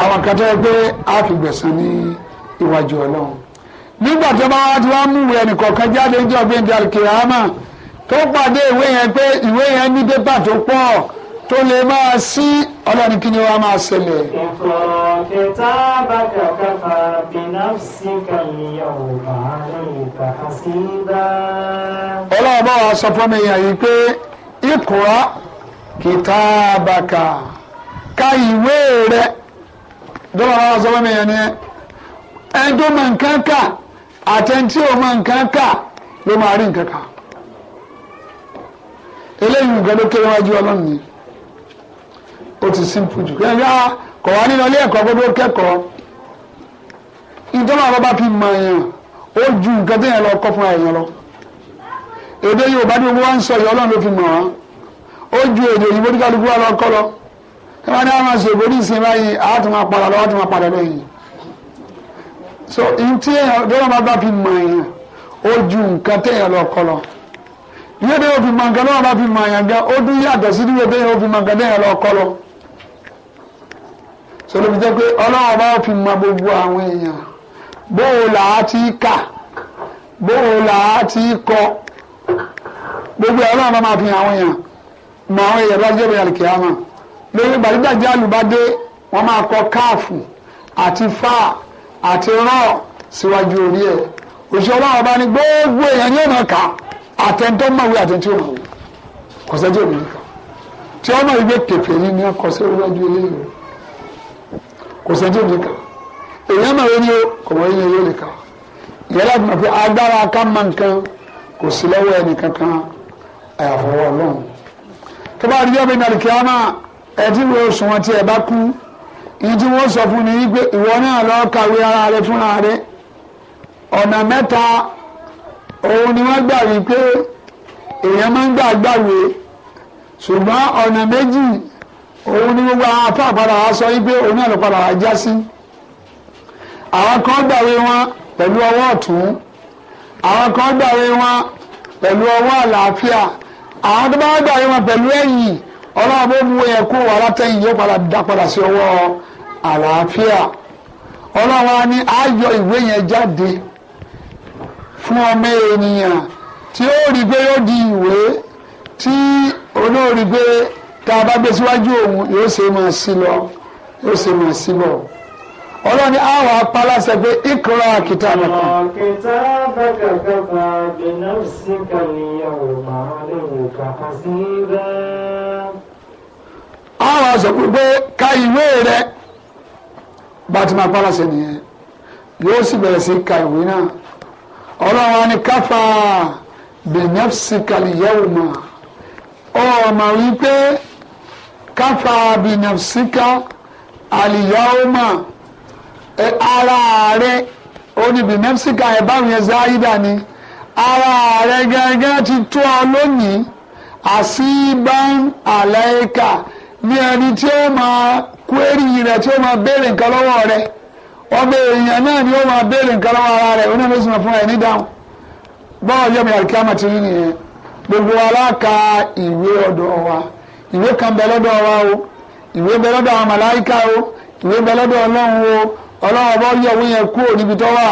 àwọn kan pé a fi gbẹ̀sán ní iwájú ọlọ́run nígbà tó bá wá ti wá mú ìwé ẹnìkọ̀ọ̀kan jáde ní ọ̀gbìn di alikiyama tó pàdé ìwé yẹn pé ìwé yẹn ní pépà tó pọ̀ tó lè máa sí ọlọ́run kí ni wọ́n máa ṣẹlẹ̀. ìfọ̀rọ̀ bá kàkà fà bí. نفسك اليوم عليك حسيبا ọlọ́run bá wa sọ fún mi yàn yìí pé ìkúra kìtàbàkà ka ìwé rẹ dọ́là bá wa sọ fún mi yàn ni ẹni tó mọ nǹkan kà àtẹ̀ntì ò mọ nǹkan kà ló máa rí nǹkan kà eléyìí nǹkan ló kéré wájú ọlọ́run ni ó ti simple jù kí ẹ yá kọ̀ wá nínú ilé ẹ̀kọ́ gbogbo kẹ́kọ̀ọ́ ìjọba àwọn bá fi mọ èèyàn ó ju nǹkan téèyàn lọ kọ́ fúnra èèyàn lọ èdè Yorùbá tí gbogbo wa ń sọ yìí Ọlọ́run ló fi mọ̀ wá ó ju èdè òyìnbó tí kálukú wa lọ kọ́ lọ tí wọ́n ní àwọn àṣègbè ní ìsìn báyìí àá tún máa padà lọ àá máa padà lọ yìí so ntí èèyàn dọ́là bá fi mọ èèyàn ó ju nǹkan téèyàn lọ kọ́ lọ ìwé téèyàn fi mọ nǹkan lọ́wọ́ bá fi mọ èèyàn gan ó dún yàtọ̀ sí ìwé téèyàn fi mọ nǹkan téèyàn lọ kọ́ lọ so lóbi jẹ́ pé Ọlọ́run bá fi mọ gbogbo àwọn bóun là á ti kà bóun là á ti kọ gbogbo ẹ̀ ọlọ́run bá máa fi hàn àwọn èèyàn mọ àwọn èèyàn bá jẹ́ ìrìnàlè kìámà lórí gbàdúgbàjẹ́ àlùbádé wọ́n máa kọ káàfù àti fà àti rọ̀ síwájú orí ẹ̀ òṣìṣẹ́ ọlọ́run bá ní gbogbo èèyàn ní ọ̀nà kà àtẹ̀ntẹ́ mọ̀wé àtẹ̀ntẹ́ òmùwé kọ̀sẹ́jọ́ mi nìkan tí ọmọ ìgbé kẹfẹ́ ní ní ọkọ̀ sí orí ọjọ́ ilé ìwé kọ̀sẹ́jọ́ mi nìkan èèyàn máa rí o ó kò wọ́n yóò lè kà ìyẹn láti mọ̀ pé agbára ká mọ nǹkan kò sí lọ́wọ́ ẹnì kankan àyàfọwọ́ ọlọ́run tó bá rí ọ̀bẹ kí á máa ẹtí wo òṣùwọ̀n tí ẹ bá kú tí wọ́n sọ fún ni wípé ìwọ náà kàwé ara rẹ rẹ ọ̀nà mẹ́ta òun ni wọ́n gbà wípé èèyàn máa ń gbà gbàwé ṣùgbọ́n ọ̀nà méjì òun ni gbogbo àwọn afáàpadà sọ wípé òun náà padà wá já sí. àwọn kan gbàwé wọn pẹ̀lú ọwọ́ ọ̀tún àwọn kan gbàwé wọn pẹ̀lú ọwọ́ àlàáfíà àwọn tó bá gbàwé wọn pẹ̀lú ẹ̀yìn ọlọ́run bó bu ẹ̀kú wàhálà tẹ̀yìn yóò padà dá padà sí ọwọ́ àlàáfíà ọlọ́run á ní ayọ̀ ìwé yẹn jáde fún ọmọ ènìyàn tí ó rí pé yóò di ìwé tí olóòrí pé tá a bá gbé síwájú òun yóò ṣe máa sí lọ yóò ṣe máa sí bọ̀ ọlọ́run ni àwọn apáláṣẹ pé ìkúra kìtà nìkan. kìtà bàkà kàkà bìnà sí kàníyàwó máa lè wò kàkà sí rẹ̀. àwọn aṣọ pé ka ìwé rẹ bá ti máa apáláṣẹ nìyẹn yóò sì bẹ̀rẹ̀ sí ka ìwé náà ọlọ́run ní káfà bìnà sí kàníyàwó máa ọmọ wípé káfà bìnà sí ká àlìyáwó máa ara rẹ oníbi nẹ́fṣíkà ẹ̀ báwọn yẹn záyídà ni ara rẹ gẹ́gẹ́ ti tó ọ lónìí àṣìbọn àlẹ́kà ní ẹni tí ó máa kúérì rẹ tí ó máa béèrè nǹkan lọ́wọ́ rẹ ọmọ èèyàn náà ni ó máa béèrè nǹkan lọ́wọ́ ara rẹ onímọ̀sùn fún ẹ ní dáhùn bọ́ọ̀ yọ̀mí àríkàmọ̀ ti rí nìyẹn gbogbo aláka ìwé ọ̀dọ̀ wa ìwé kan bẹ lọ́dọ̀ wa o ìwé bẹ lọ́dọ̀ àwọn màláìka o ìwé bẹ lọ́dọ̀ ọlọ́run o ọlọ́wọ́ bá yẹ òun yẹn kúrò níbi tó wà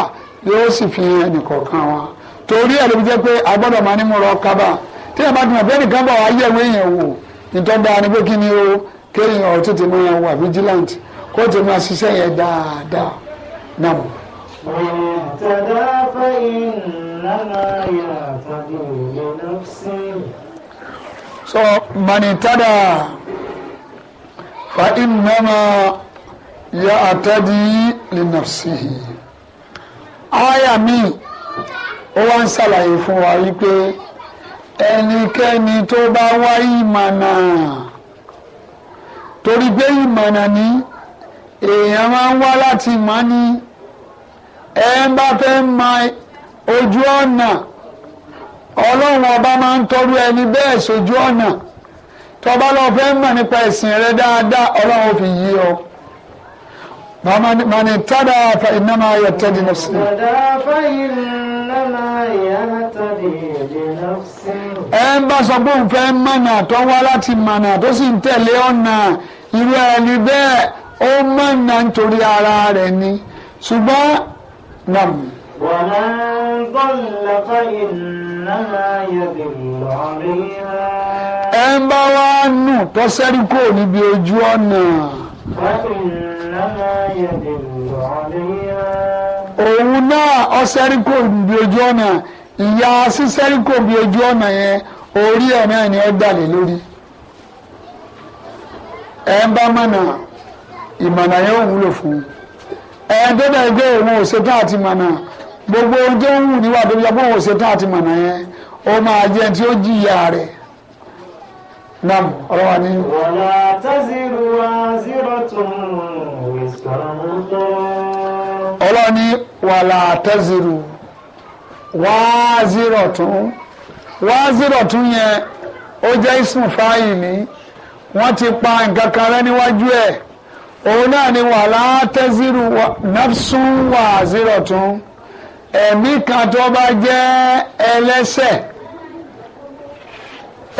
yóò sì fi ẹnìkọ̀ọ̀kan wa torí ẹ̀ ló fi jẹ́ pé a gbọ́dọ̀ máa ní mo rọ kábà tí ẹ bá dùn ọ̀bẹ́ nìkan bọ̀ wá yẹ̀ òun yẹn wò ni pé kí ni o kéèyàn ọ̀ tètè máa wà vigilant kó máa ṣiṣẹ́ yẹn dáadáa náà. linafsihi aya mi ó wá ń ṣàlàyé fún wa wípé ẹnikẹ́ni tó bá wá ìmọ̀nà torí pé ìmọ̀nà ni èèyàn máa ń wá láti mọ̀ ni ẹ bá fẹ́ mọ ojú ọ̀nà ọlọ́run ọba máa ń tọ́jú ẹni bẹ́ẹ̀ sójú ọ̀nà tọ́ba lọ́ọ́ fẹ́ mọ̀ nípa ẹ̀sìn rẹ dáadáa ọlọ́run fi yí ọ من اهتدى فإنما يهتدي نفسه ẹ ń bá sọ pé òun fẹ́ mọ̀nà tó wá láti mọ̀nà tó sì ń tẹ̀lé ọ̀nà irú ẹni bẹ́ẹ̀ ó mọ̀nà nítorí ara rẹ̀ ni ṣùgbọ́n ومن ضل فإنما يضل عليها bá nù níbi ojú ọ̀nà. òun náà ó ṣẹ́rí kò níbi ojú ọ̀nà ìyá sísẹ́rí kò níbi ojú ọ̀nà yẹn orí ẹ̀ ni ó dàlẹ̀ lórí. ẹ bá mọ̀nà ìmọ̀nà yẹn ò wúlò fún un. tó gbé òun àti mọ̀nà. gbogbo ohun ń wù níwà tó yẹ kó ṣe tán àti mọ̀nà yẹn ó máa jẹ́ tí ó jìyà rẹ̀ nam ọ̀rọ̀ wa ní. wàlá taziru wa ziratun ọlọ́ni wàlá taziru wá ziratun wá ziratun yẹn ó jẹ́ ìsùn fáìlì wọ́n ti pa nǹkan kan rẹ́ níwájú ẹ̀ òun náà ni wàlá taziru nafsun wà ziratun. Wa ẹ̀mí kan tó bá jẹ́ ẹlẹ́ṣẹ̀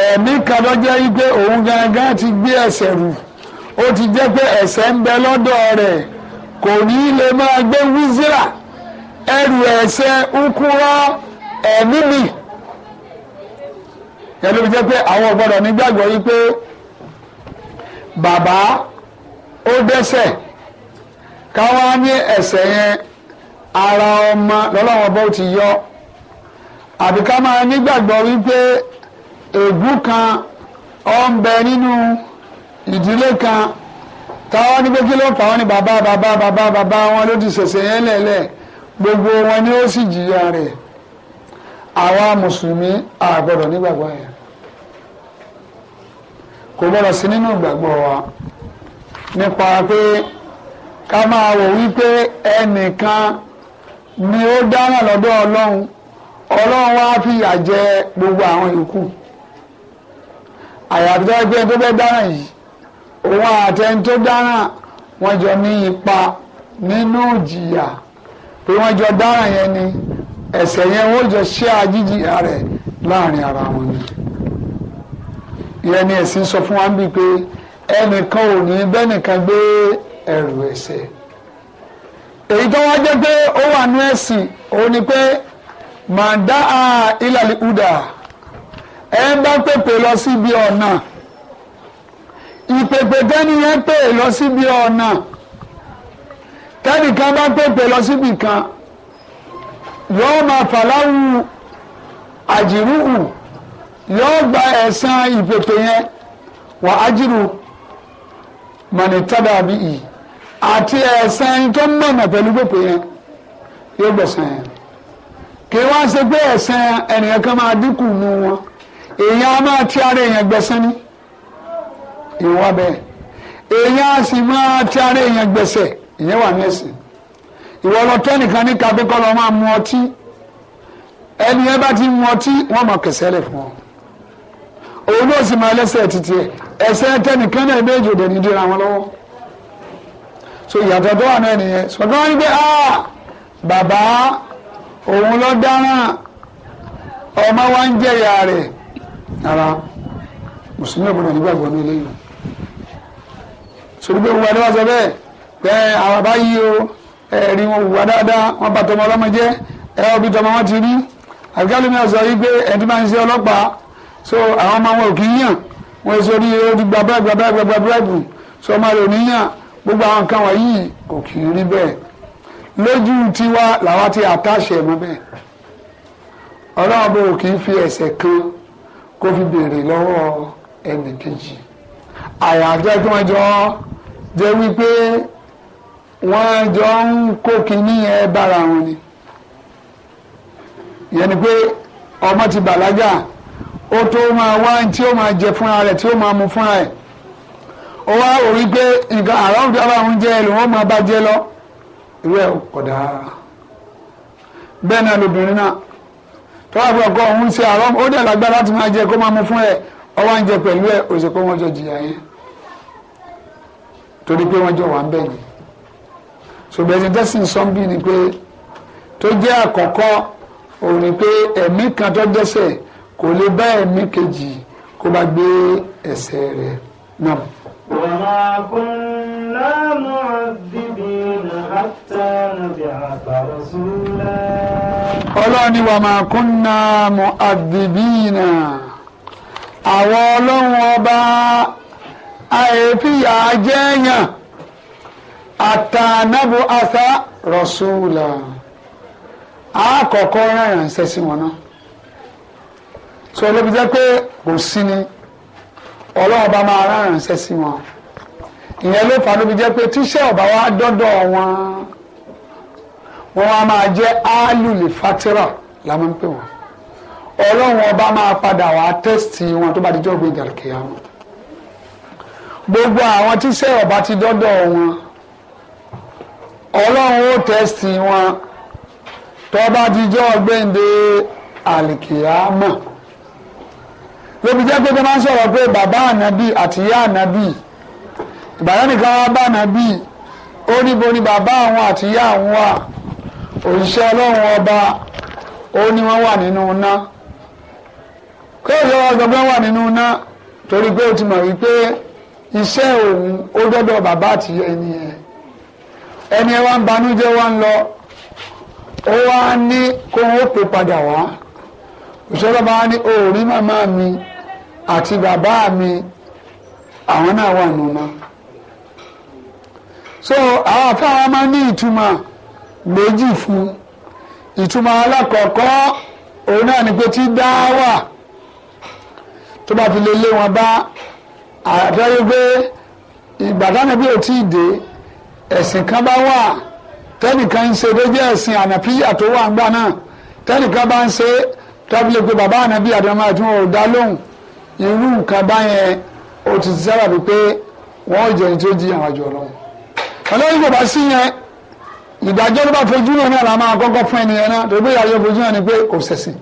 ẹ̀mí kan tó jẹ́ wípé òun gangan ti gbé ẹ̀ṣẹ̀ rù ó ti jẹ́ pé ẹ̀ṣẹ̀ ń bẹ lọ́dọ̀ rẹ̀ kò ní lè máa gbé wíṣírà ẹrù ẹ̀ṣẹ̀ ńkúrọ́ ẹ̀mí mi ẹ̀lú fi jẹ́ pé àwọn ọ̀gbọ́dọ̀ nígbàgbọ́ yìí pé bàbá ó dẹ́ṣẹ̀ káwá ní ẹ̀ṣẹ̀ yẹn ara ọmọ lọ́lọ́wọ́ bó ti yọ àbí ká máa nígbàgbọ́ wípé ègún kan ó ń bẹ nínú ìdílé kan táwọn ní pé kí ló fà wọ́n ní bàbá bàbá bàbá bàbá wọn ló ti ṣẹ̀ṣẹ̀ yẹn lẹ̀lẹ̀ gbogbo wọn ni ó sì jìyà rẹ̀ àwa mùsùlùmí a gbọ́dọ̀ yẹn kò gbọ́dọ̀ sí nínú ìgbàgbọ́ wa nípa pé ká máa wò wípé ẹnìkan ni ó dáná lọ́dọ̀ ọlọ́run ọlọ́run wá fìyà jẹ gbogbo àwọn yòókù àyàfi tó yẹ pé tó fẹ́ dáná yìí òun àtẹni tó dáná wọ́n jọ ní ipa nínú ìjìyà pé wọ́n jọ dáná yẹn ni ẹ̀ṣẹ̀ yẹn wọ́n jọ ṣe àjíjìyà rẹ̀ láàrin ara wọn ni ìyẹn ni ẹ̀sìn sọ fún wa ń bí pé ẹnìkan ò ní bẹ́nìkan gbé ẹrù ẹ̀ṣẹ̀ èyí tó wá jẹ́ pé ó wà nú ẹ̀sìn òun ni pé màdá a ìlàlí udà ẹ bá pèpè lọ síbi ọ̀nà ìpèpè tẹ́niyẹn pè lọ síbi ọ̀nà tẹ́nìkan bá pèpè lọ síbi kan yóò máa fàláwù àjìrúhù yóò gba ẹ̀san ìpèpè yẹn wà ájìrù mọ̀nìtàdà bíi àti ẹ̀sán tó mọ̀nà pẹ̀lú gbòpè yẹn yóò gbẹ̀sán yẹn kì í wá ṣe pé ẹ̀sán ẹnìyàn kan máa dínkù nu wọn èèyàn á máa ti ara èèyàn gbẹ̀sán ní ìwọ bẹ́ẹ̀ èèyàn á sì máa ti ara èèyàn gbẹ̀sẹ̀ ìyẹn wà ní ẹ̀sìn ìwọ lọ tọ́ nìkan ní kàbí kọ́ lọ máa mu ọtí ẹnìyẹn bá ti mu ọtí wọ́n máa kẹsẹ́ lẹ̀ fún ọ òun náà sì máa lẹ́sẹ̀ títí ẹ̀ ẹ̀sẹ̀ tẹnìkan náà méjì dira wọn so ìyàtọ̀ tó wà náà nìyẹn sọ̀tún wọn ni pé ah bàbá òun ló dáràn ọmọ wa ń jẹ ìyá rẹ̀ ara mùsùlùmí ògbónà nígbàgbọ́ ní eléyìí sọ̀rọ̀ pé wùwà dáwà sọ bẹ́ẹ̀ pé àwọn bá yí o ẹ̀rí wọn wùwà dáadáa wọn bá tọmọ ọlọ́mọ jẹ́ ẹ ọbí tọmọ wọn ti rí àbíkálẹ̀ mi sọ yìí pé ẹni tí máa ń ṣe ọlọ́pàá so àwọn ọmọ wọn ò kì í yàn wọn èso ní ìrẹ́ ó ti gba bẹ́ẹ̀ gba bẹ́ẹ̀ gba bẹ́ẹ̀ so ọmọ rẹ̀ ò ní gbogbo àwọn nǹkan wọ̀nyí kò kì í rí bẹ́ẹ̀ lójú tiwa làwa ti àtàṣe mọ́ bẹ́ẹ̀ ọlọ́run bò kì í fi ẹ̀ṣẹ̀ kan kó fi béèrè lọ́wọ́ ẹnì kejì àyàjẹ́ tí wọ́n jọ jẹ́ wípé wọ́n jọ ń kó kinní yẹn bára wọn ni ìyẹn ni pé ọmọ ti bàlágà ó tó máa wá tí ó máa jẹ fúnra rẹ̀ tí ó máa mu fúnra rẹ̀ ó wá rò wípé nǹkan àrọ́rùn tí ọlọ́run jẹ́ ẹlò wọ́n máa bá jẹ́ lọ ìwé ọ̀dà bẹ́ẹ̀ náà lóbìnrin náà tọ́wọ́ àbúrò ọkọ òun ṣe àrọ́rùn ó dẹ̀ lágbára láti máa jẹ kó máa mu fún ẹ ọwọ́ à ń jẹ pẹ̀lú ẹ òṣè kó wọ́n jọ jìyà yẹn torí pé wọ́n jọ wà ń bẹ̀ yìí ṣùgbọ́n ẹni tẹ́sí ni pé tó jẹ́ àkọ́kọ́ òun ni pé ẹ̀mí kan tó dẹ́ṣẹ̀ kò lè bá ẹ̀mí kejì kó bá gbé ẹ̀ṣẹ̀ rẹ̀ náà. وما كنا معذبين حتى نبعث رسولا ọlọ́ni wa máa kúnna mu'adhibina àwọn ọlọ́run ọba àìfìyà jẹ́yàn àtànàbò àṣà rọ̀ṣúlà àkọ́kọ́ rán ìrànṣẹ́ sí wọn náà sọ ló jẹ́ pé kò sí ni ọlọ́run bá máa ránṣẹ́ sí wọn ìyẹn ló fà lóbi jẹ́ pé tíṣẹ́ ọ̀bá wa dọ́dọ̀ wọn wọn a máa jẹ́ álùlì fatira la máa ń pè wọn ọlọ́run ọba máa padà wá tẹ́sítì wọn tó bá di jọ́gbìn ìdàlùkìyà wọn gbogbo àwọn tíṣẹ́ ọ̀bá ti dọ́dọ̀ wọn ọlọ́run ó tẹ́sítì wọn tó di jọ́gbìn ìdàlùkìyà wọn. lóbi jẹ́ pé tó máa ń sọ̀rọ̀ pé bàbá ànábì àti ànábì ìbàdà nìkan bá ànábì ó ni bàbá àwọn àti àwọn òṣìṣẹ́ ọlọ́run ọba ó ní wọ́n wà nínú iná kéèyàn ọgbọ́n pé wọ́n wà nínú iná torí pé ti mọ̀ wípé iṣẹ́ òun ó bàbá ẹni ẹni ẹ wá ń banújẹ́ wá ń lọ ó wá ní kó wọ́n pè àti bàbá mi àwọn náà wà nù so àwọn afáwọn máa ní ìtumọ̀ méjì fún ìtumọ̀ alákọ̀ọ́kọ́ òun náà ni pé tí dá wà tó bá fi lè lé wọn bá àtẹ́rí pé ìbàdàn bí ò tí ì dé ẹ̀sìn kan bá wà tẹ́nìkan ń ṣe déjẹ́ ẹ̀sìn ànàpíyà tó wà ńgbà náà tẹ́nìkan bá ń ṣe tọ́bílẹ̀ pé bàbá ànàbíyà tó máa tún ò dá lóhùn irú nǹkan báyẹn ó ti sábà bíi pé wọ́n jẹ́ ẹni tó jí àwọn àjọ lọ. ọlọ́run kò bá sí yẹn ìdájọ́ ló bá fojú náà náà la máa fún ẹni yẹn náà torí pé ìdájọ́ fojú náà ni pé kò ṣẹ̀sìn.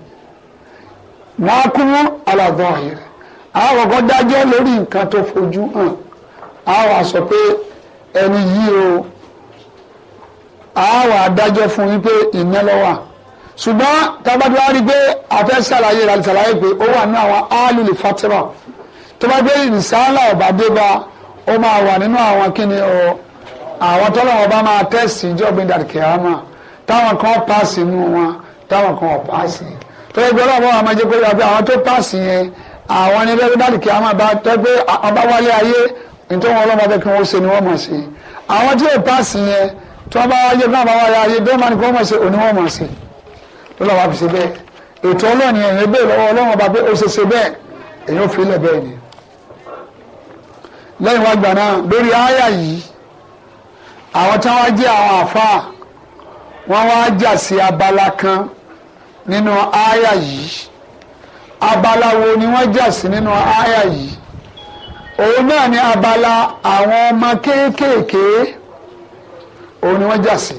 wọ́n kú alàgbọ̀n ọ̀hìn rẹ̀ àwọn kọ́kọ́ dájọ́ lórí nǹkan tó fojú hàn àwọn àṣọ pé ẹni yìí o àwọn adájọ́ fún yín pé iná ṣùgbọ́n tábàdí wa rí i pé afẹ́ ṣàlàyé rẹ̀ ṣàlàyé pé ó wà ní àwọn áálùlì fatira tó bá gbé ìrìnsálà ọ̀bà dé bá ó máa wà nínú àwọn kíni ọ àwọn tọ́lọ̀ ọba máa tẹ̀sí ìjọba ìdàkẹ́hámà táwọn kan paasi nù wọn táwọn kan paasi tọ́lá ìgbọ́lọ́ ọba àwọn ọmọdé pé àwọn tó paasi yẹn àwọn ẹni bẹ́ẹ̀ ìdàkẹ́hámà bá tọ́ pé ọba wálé ayé nítorí wọn ọlọ́mọdé kí wọ́n lọ́la wa fi ṣe bẹ́ẹ̀ ètò ọlọ́run yẹn èèyàn bẹ́ẹ̀ lọ́wọ́ ọlọ́run ọba pé ó ṣe ṣe bẹ́ẹ̀ èèyàn fi lẹ̀ bẹ́ẹ̀ ni. lẹ́yìn wá gbà náà lórí àyà yìí àwọn tí wọ́n jẹ́ àwọn àfáà wọ́n wá jà sí abala kan nínú àyà yìí abala wo ni wọ́n jà sí nínú àyà yìí òun náà ni abala àwọn ọmọ kéékèèké òun ni wọ́n jà sí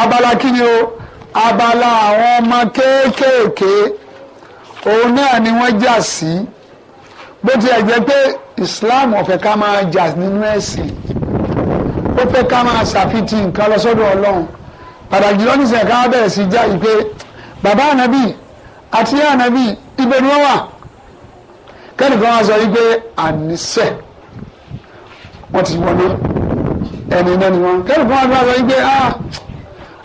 abala kí ni o abala àwọn ọmọ kéékèèké òun náà ni wọ́n jà sí bó tilẹ̀ jẹ́ pé Islam ò fẹ́ ká máa jà nínú ẹ̀sìn ó fẹ́ ká máa ṣàfitì nǹkan lọ sọ́dọ̀ Ọlọ́run pàtàkì lọ́nà ìṣẹ̀lẹ̀ ká bẹ̀rẹ̀ sí já ìpè bàbá ànábì àti ànábì ibẹ̀ ni wọ́n wà kẹ́nìkan wá sọ wípé àníṣe wọ́n ti wọlé ẹni náà ni wọ́n kẹ́nìkan wá sọ wípé ah.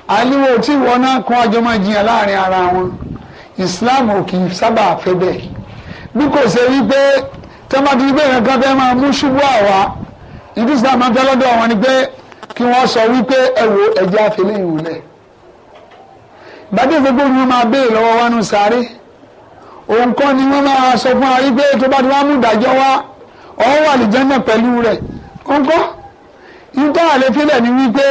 aliwo tí wọn náà kọ́ ọjọ́ máa jiyàn láàrin ara wọn islam ò kì í sábà fẹ́ bẹ́ẹ̀ bí kò ṣe rí pé tẹ́mọ́tì gbé yẹn kan fẹ́ máa mú ṣubú àwa ìdí islam máa fẹ́ lọ́dọ̀ wọn ni pé kí wọ́n sọ wípé ẹ wo ẹ̀jẹ̀ àfẹ́lẹ́ ìwòlẹ̀ ìbádé gbogbo ni wọ́n máa béè lọ́wọ́ wánú nù sáré òun kọ́ ni wọ́n máa sọ fún wa wípé tó bá ti wá mú ìdájọ́ wá ọ̀hún wà lè jẹ́ náà pẹ̀lú rẹ̀ kọ́ńkọ́ nítorí àlefílẹ̀ ni wípé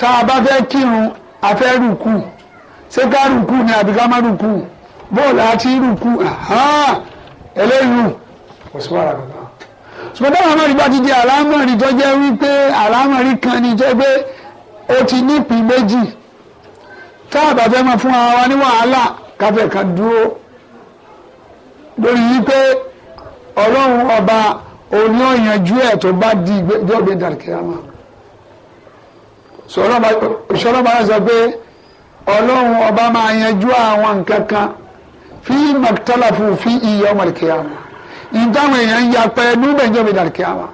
tá a bá fẹ́ kírun a fẹ́ ṣé ká rùkù ni àbí ká má rùkù bóòlù àti rùkù eléyìí kò sí wàrà kankan. ṣùgbọ́n táwọn àmọ́rí bá ti di àlámọ̀rí tó jẹ́ wípé àlámọ̀rí kan ni jẹ́ pé ó ti nípìn méjì tá a bá fẹ́ máa fún wa ní wàhálà káfẹ́ kan dúró lórí wípé ọlọ́run ọba òun náà yanjú ẹ̀ tó bá di ìgbẹ́jọ́ gbẹdàkẹ́ àmọ́ òṣìṣẹ́ ọlọ́ba sọ pé ọlọ́run ọba máa yanjú àwọn nǹkan kan fi mọ̀tálàfù fi iye ọmọ ìkẹyàmà ìdáhùn èèyàn ń ya pẹ́ níbẹ̀ ń jẹ́bi dàríkẹ́yàmà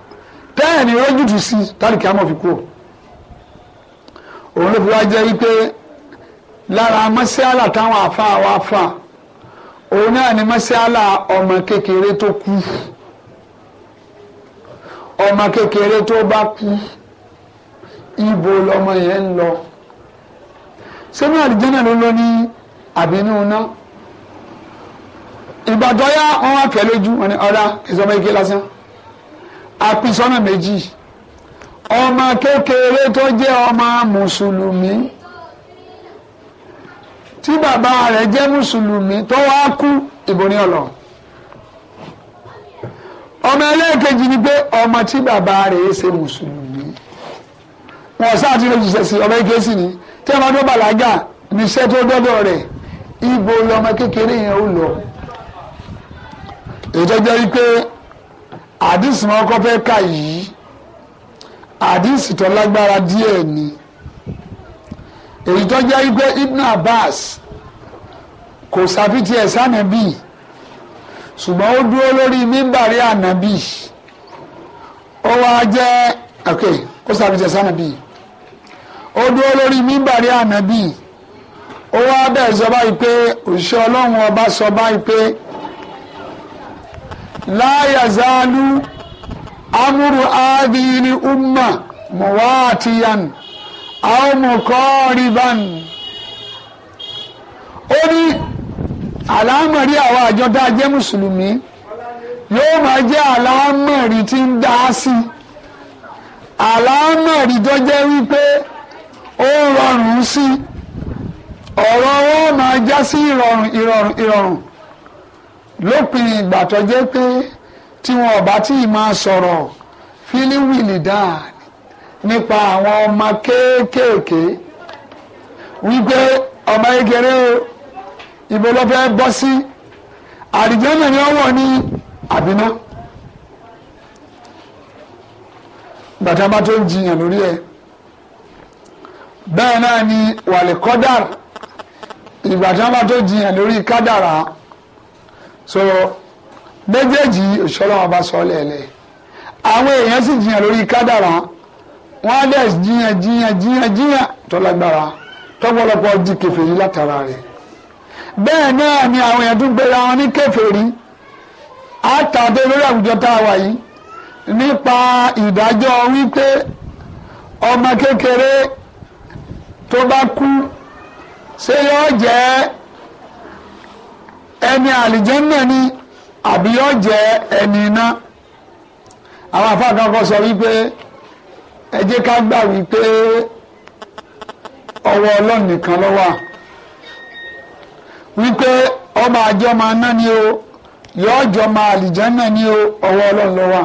tẹ́ẹ̀ ni rọ́jùtù sí dàríkẹ́yàmà fi kú òun ló fi wá jẹ́ wípé lára mọ́sálà táwọn àfáà wá fà òun náà ni mọ́sálà ọmọ kékeré tó kú ọmọ kékeré tó bá kú ibo lọmọ yẹn ń lọ sẹ́mi àdìjẹ́nà ló lọ ní àbínú ná ìgbàdọ́ wọn wá fẹ́ lójú wọn ni ọ̀rá ìsọmọ ike lásán àpìsọ́nà méjì ọmọ kékeré tó jẹ́ ọmọ mùsùlùmí tí bàbá rẹ̀ jẹ́ mùsùlùmí tó wá kú ìbò ní ọ̀lọ́ ọmọ ẹlẹ́ẹ̀kejì ni pé ọmọ tí bàbá rẹ̀ ṣe mùsùlùmí wọn sáà ti lè jùṣẹ́ sí ọmọ ike ni tí ẹ máa tó bàlágà níṣẹ́ tó dọ́dọ̀ rẹ̀ ibo lọmọ kékeré yẹn ó lọ. ìjọba yìí pé àdìsí wọn kọ́ fẹ́ kà yìí àdìsí tó lágbára díẹ̀ ni èyí tó jẹ́ wípé Ibn Abbas kò sàfitì ẹ̀ sànàbì ṣùgbọ́n ó dúró lórí mímbàrí ànàbì ó wá jẹ́ ok kó sàfitì ẹ̀ sànàbì yìí ó dúró lórí mímbàrí ànábì ó wá bẹ̀rẹ̀ sọ báyìí pé òṣìṣẹ́ ọlọ́run ọba sọ báyìí pé láyàzálú amúrú ábìrì umma mọ̀wáàtìyàn àwọn mọ̀kọ́rìbàn ó ní àlámọ̀rí àwọn àjọ tá a jẹ́ mùsùlùmí yóò máa jẹ́ àlámọ̀rí tí ń dá sí àlámọ̀rí tó jẹ́ wípé. ó rọrùn sí ọ̀rọ̀ wọn máa já sí ìrọ̀rùn ìrọ̀rùn ìrọ̀rùn lópin ìgbà tó jẹ́ pé tí wọn ò tí ì máa sọ̀rọ̀ fílíwìlì dáa nípa àwọn ọmọ kéékèèké wípé ọmọ ibo ló fẹ́ bọ́ sí ni wọ̀ ní bàtà bá tó ń jiyàn lórí ẹ̀. bẹ́ẹ̀ náà ni wàlẹ̀ kọ́dàrà ìgbà tí wọ́n bá tó jiyàn lórí kádàrà so méjèèjì òṣèlọ́wọ́n bá sọ lẹ́ẹ̀lẹ́ àwọn èèyàn sì jiyàn lórí kádàrà wọ́n á dẹ̀ jiyàn jiyàn jiyàn jiyàn tó lágbára tọ́pọ̀lọpọ̀ di kèfèrí látara rẹ̀ bẹ́ẹ̀ náà ni àwọn èèyàn tún gbéra wọn ní kèfèrí àtàdé lórí àwùjọ tá a wà yìí nípa ìdájọ́ wípé ọmọ kékeré tó bá kú ṣé yóò jẹ́ ẹni àlìjẹ́nà ni àbí yóò jẹ́ ẹni iná àwọn afáàkàn kan sọ wípé ẹ jẹ́ ká gbà wípé ọwọ́ ọlọ́run nìkan ló wà wípé ọmọ àjọ máa ná ni o yóò jọ máa àlìjẹ́nà ni o ọwọ́ ọlọ́run ló wà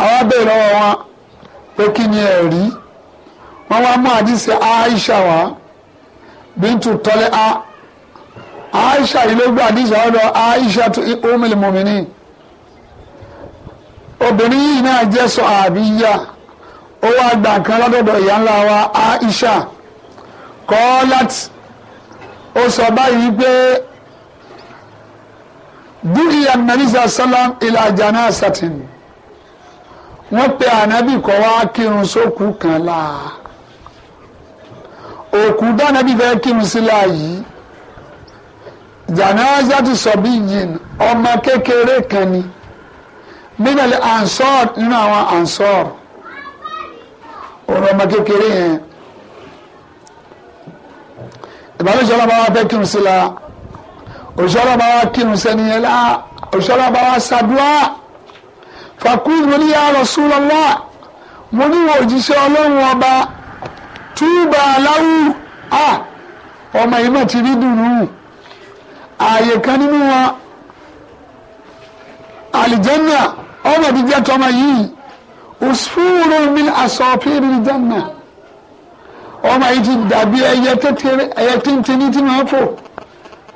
àwọn abẹ́rẹ́ lọ́wọ́ wọn pé kí ni ẹ̀rí wọ́n wá mú àdìsí Aisha wá bíntu tọ́lẹ́ a Aisha yìí ló gbé àdìsí ọ̀dọ̀ Aisha tó umil mumini obìnrin yìí náà jẹ́ sọ àbíyá ó wá gba nǹkan lọ́dọ̀dọ̀ ìyá ńlá wa Aisha kọ́lát ó sọ báyìí pé dúkìá nàbísà sálám ilà janasatin wọ́n pe ànábì kọ́ wá kírun sókù kan láà òkú dánábì fẹ́ kírun sílá yìí jànáza ti sọ bí yìn ọmọ kékeré kan ni minal ansor nínú àwọn ansor òun ọmọ kékeré yẹn ìbálòjọ́ ọlọ́ba wa fẹ́ kírun sílá òṣìṣẹ́ ọlọ́ba wa kírun sẹ́ni yẹn lá òṣìṣẹ́ ọlọ́ba wa ṣàdúrà fàkúrò ní ya Rasulullah mo ní òjíṣẹ́ ọlọ́run ọba túbà láwù a ọmọ yìí mà ti rí dùnú ààyè kan nínú wọn àlìjẹ́nà ọmọ ìdíjẹ́ tọmọ yìí òṣùfúrò mi àsọ̀fin ìrìjẹ́nà ọmọ yìí ti dàbí ẹyẹ kékeré ẹyẹ tíntìní tí máa ń fò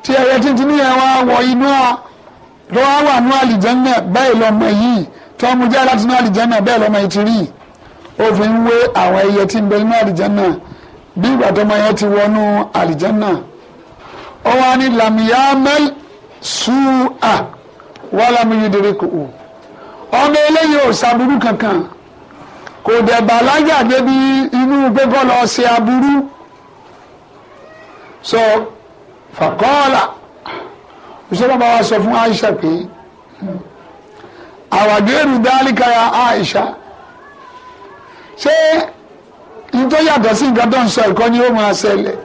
tí ẹyẹ tíntìní yẹn wá wọ inú a lọ́wọ́ wà nú àlìjẹ́nà bẹ́ẹ̀ lọ́mọ yìí tọ́mú jẹ́ láti nú àlìjẹ́nà bẹ́ẹ̀ lọ́mọ yìí ti rí yìí ó fi ń wé àwọn ẹyẹ tí ń bẹ nínú àlìjánà bí ìgbà tó ọmọ yẹn ti wọnú àlìjánà ó wá ní lamiyamel su'a wà lamiyidiriku ọmọ eléyìí ò ṣàbúrú kankan kò dẹ̀ bàlágà débi inú pépọ́ lọ ṣe aburú so fàkọ́ọ̀là ìṣọ́nà bá wa sọ fún Aisha pé àwàdérù dálíkà ya Aisha ṣé nítorí yàtọ̀ sí nǹkan tó ń sọ ìkọ́ ni ó máa ṣẹlẹ̀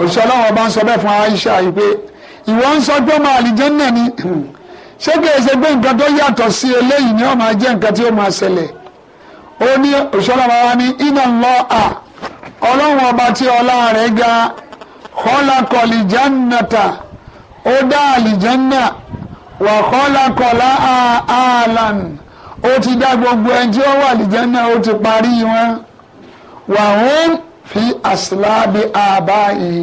òṣìṣẹ́ ọlọ́run ọba ń sọ bẹ́ẹ̀ fún Aisha yìí pé ìwọ ń sọ pé ọmọ àlìjẹ́nà ni ṣé kì í ṣe pé nǹkan tó yàtọ̀ sí eléyìí ni ó máa jẹ́ nǹkan tí ó máa ṣẹlẹ̀ ó ní òṣìṣẹ́ ọlọ́run ọba ní iná lọ à ọlọ́run ọba tí ọlá rẹ̀ ga kọ́lákọ̀ lìjánàtà ó dá àlìjẹ́nà wà kọ́lákọ̀ àlànà. ó ti dá gbogbo ẹni tí ó wà lìjẹ́ náà ó ti parí wọn wà wọ́n fi àsìláàbí àbá yìí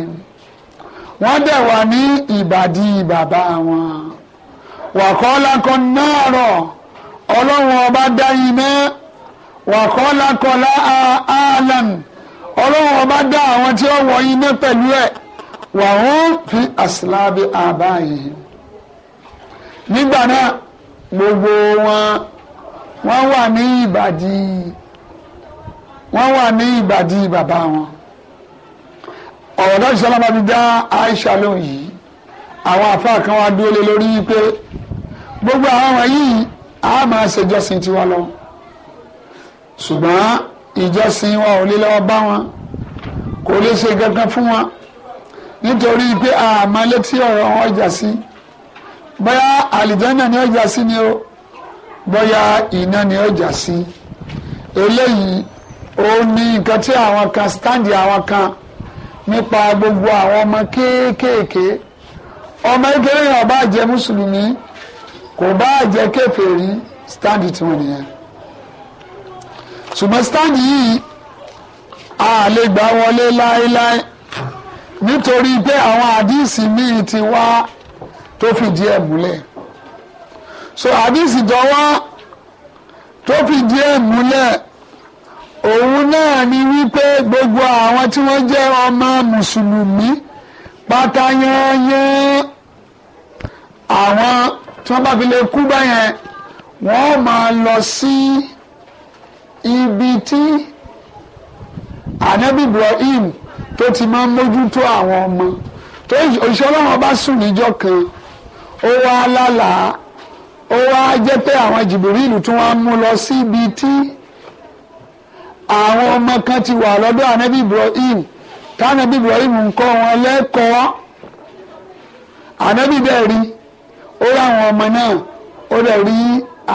wọ́n dẹ̀ wà ní ìbàdí bàbá wọn kan náà rọ̀ ọlọ́run ọba dá iná wàkọ́lákọ́lá àlàn ọlọ́run ọba dá àwọn tí ó wọ iná pẹ̀lú ẹ̀ wà wọ́n fi àsìláàbí àbá yìí nígbà náà gbogbo wọn. wọ́n wà ní ìbàdí wọ́n wà ní ìbàdí bàbá wọn ọ̀rọ̀ dájú sọ́lá bá fi dá Aisha lóhùn yìí àwọn àfáà kan wá dúró lé lórí pé gbogbo àwọn ọmọ yìí a máa ṣèjọsìn tiwa lọ ṣùgbọ́n ìjọsìn wa ò lè lọ́wọ́ bá wọn kò lè ṣe gangan fún wọn nítorí pé àmọ́ létí ọ̀rọ̀ wọn jà sí bóyá àlìjẹ́nà ni ó sí ni o bóyá iná ni ó jà sí eléyìí ó ní nǹkan tí àwọn kan stand àwọn kan nípa gbogbo àwọn ọmọ kéékèèké ọmọ kékeré yẹn ọba jẹ mùsùlùmí kò bá jẹ kèfèrí stand tiwọn nìyẹn ṣùgbọ́n stand yìí a lè gbà wọlé láéláé nítorí pé àwọn àdìsí míì ti wá tó fìdí ẹ̀ múlẹ̀ so àdìsí tó wá tó fi díẹ̀ múlẹ̀ òun náà ni wípé gbogbo àwọn tí wọ́n jẹ́ ọmọ mùsùlùmí pátá yányán àwọn tí wọ́n bá fi lè kú báyẹn wọ́n máa lọ sí ibi tí anabi Ibrahim tó ti máa mójútó àwọn ọmọ tó òṣìṣẹ́ ọlọ́run ọba sùn níjọ́ kan ó wá lálàá ó wáá jẹ́ pé àwọn jìbìrìlù tí wọ́n mú lọ síbi tí àwọn ọmọ kan ti wà lọ́dọ̀ anabi Ibrahim tánàbí Ibrahim ń kọ́ wọn lẹ́kọ̀ọ́ ànábì bẹ́ẹ̀ rí ó rí àwọn ọmọ náà ó dẹ̀ rí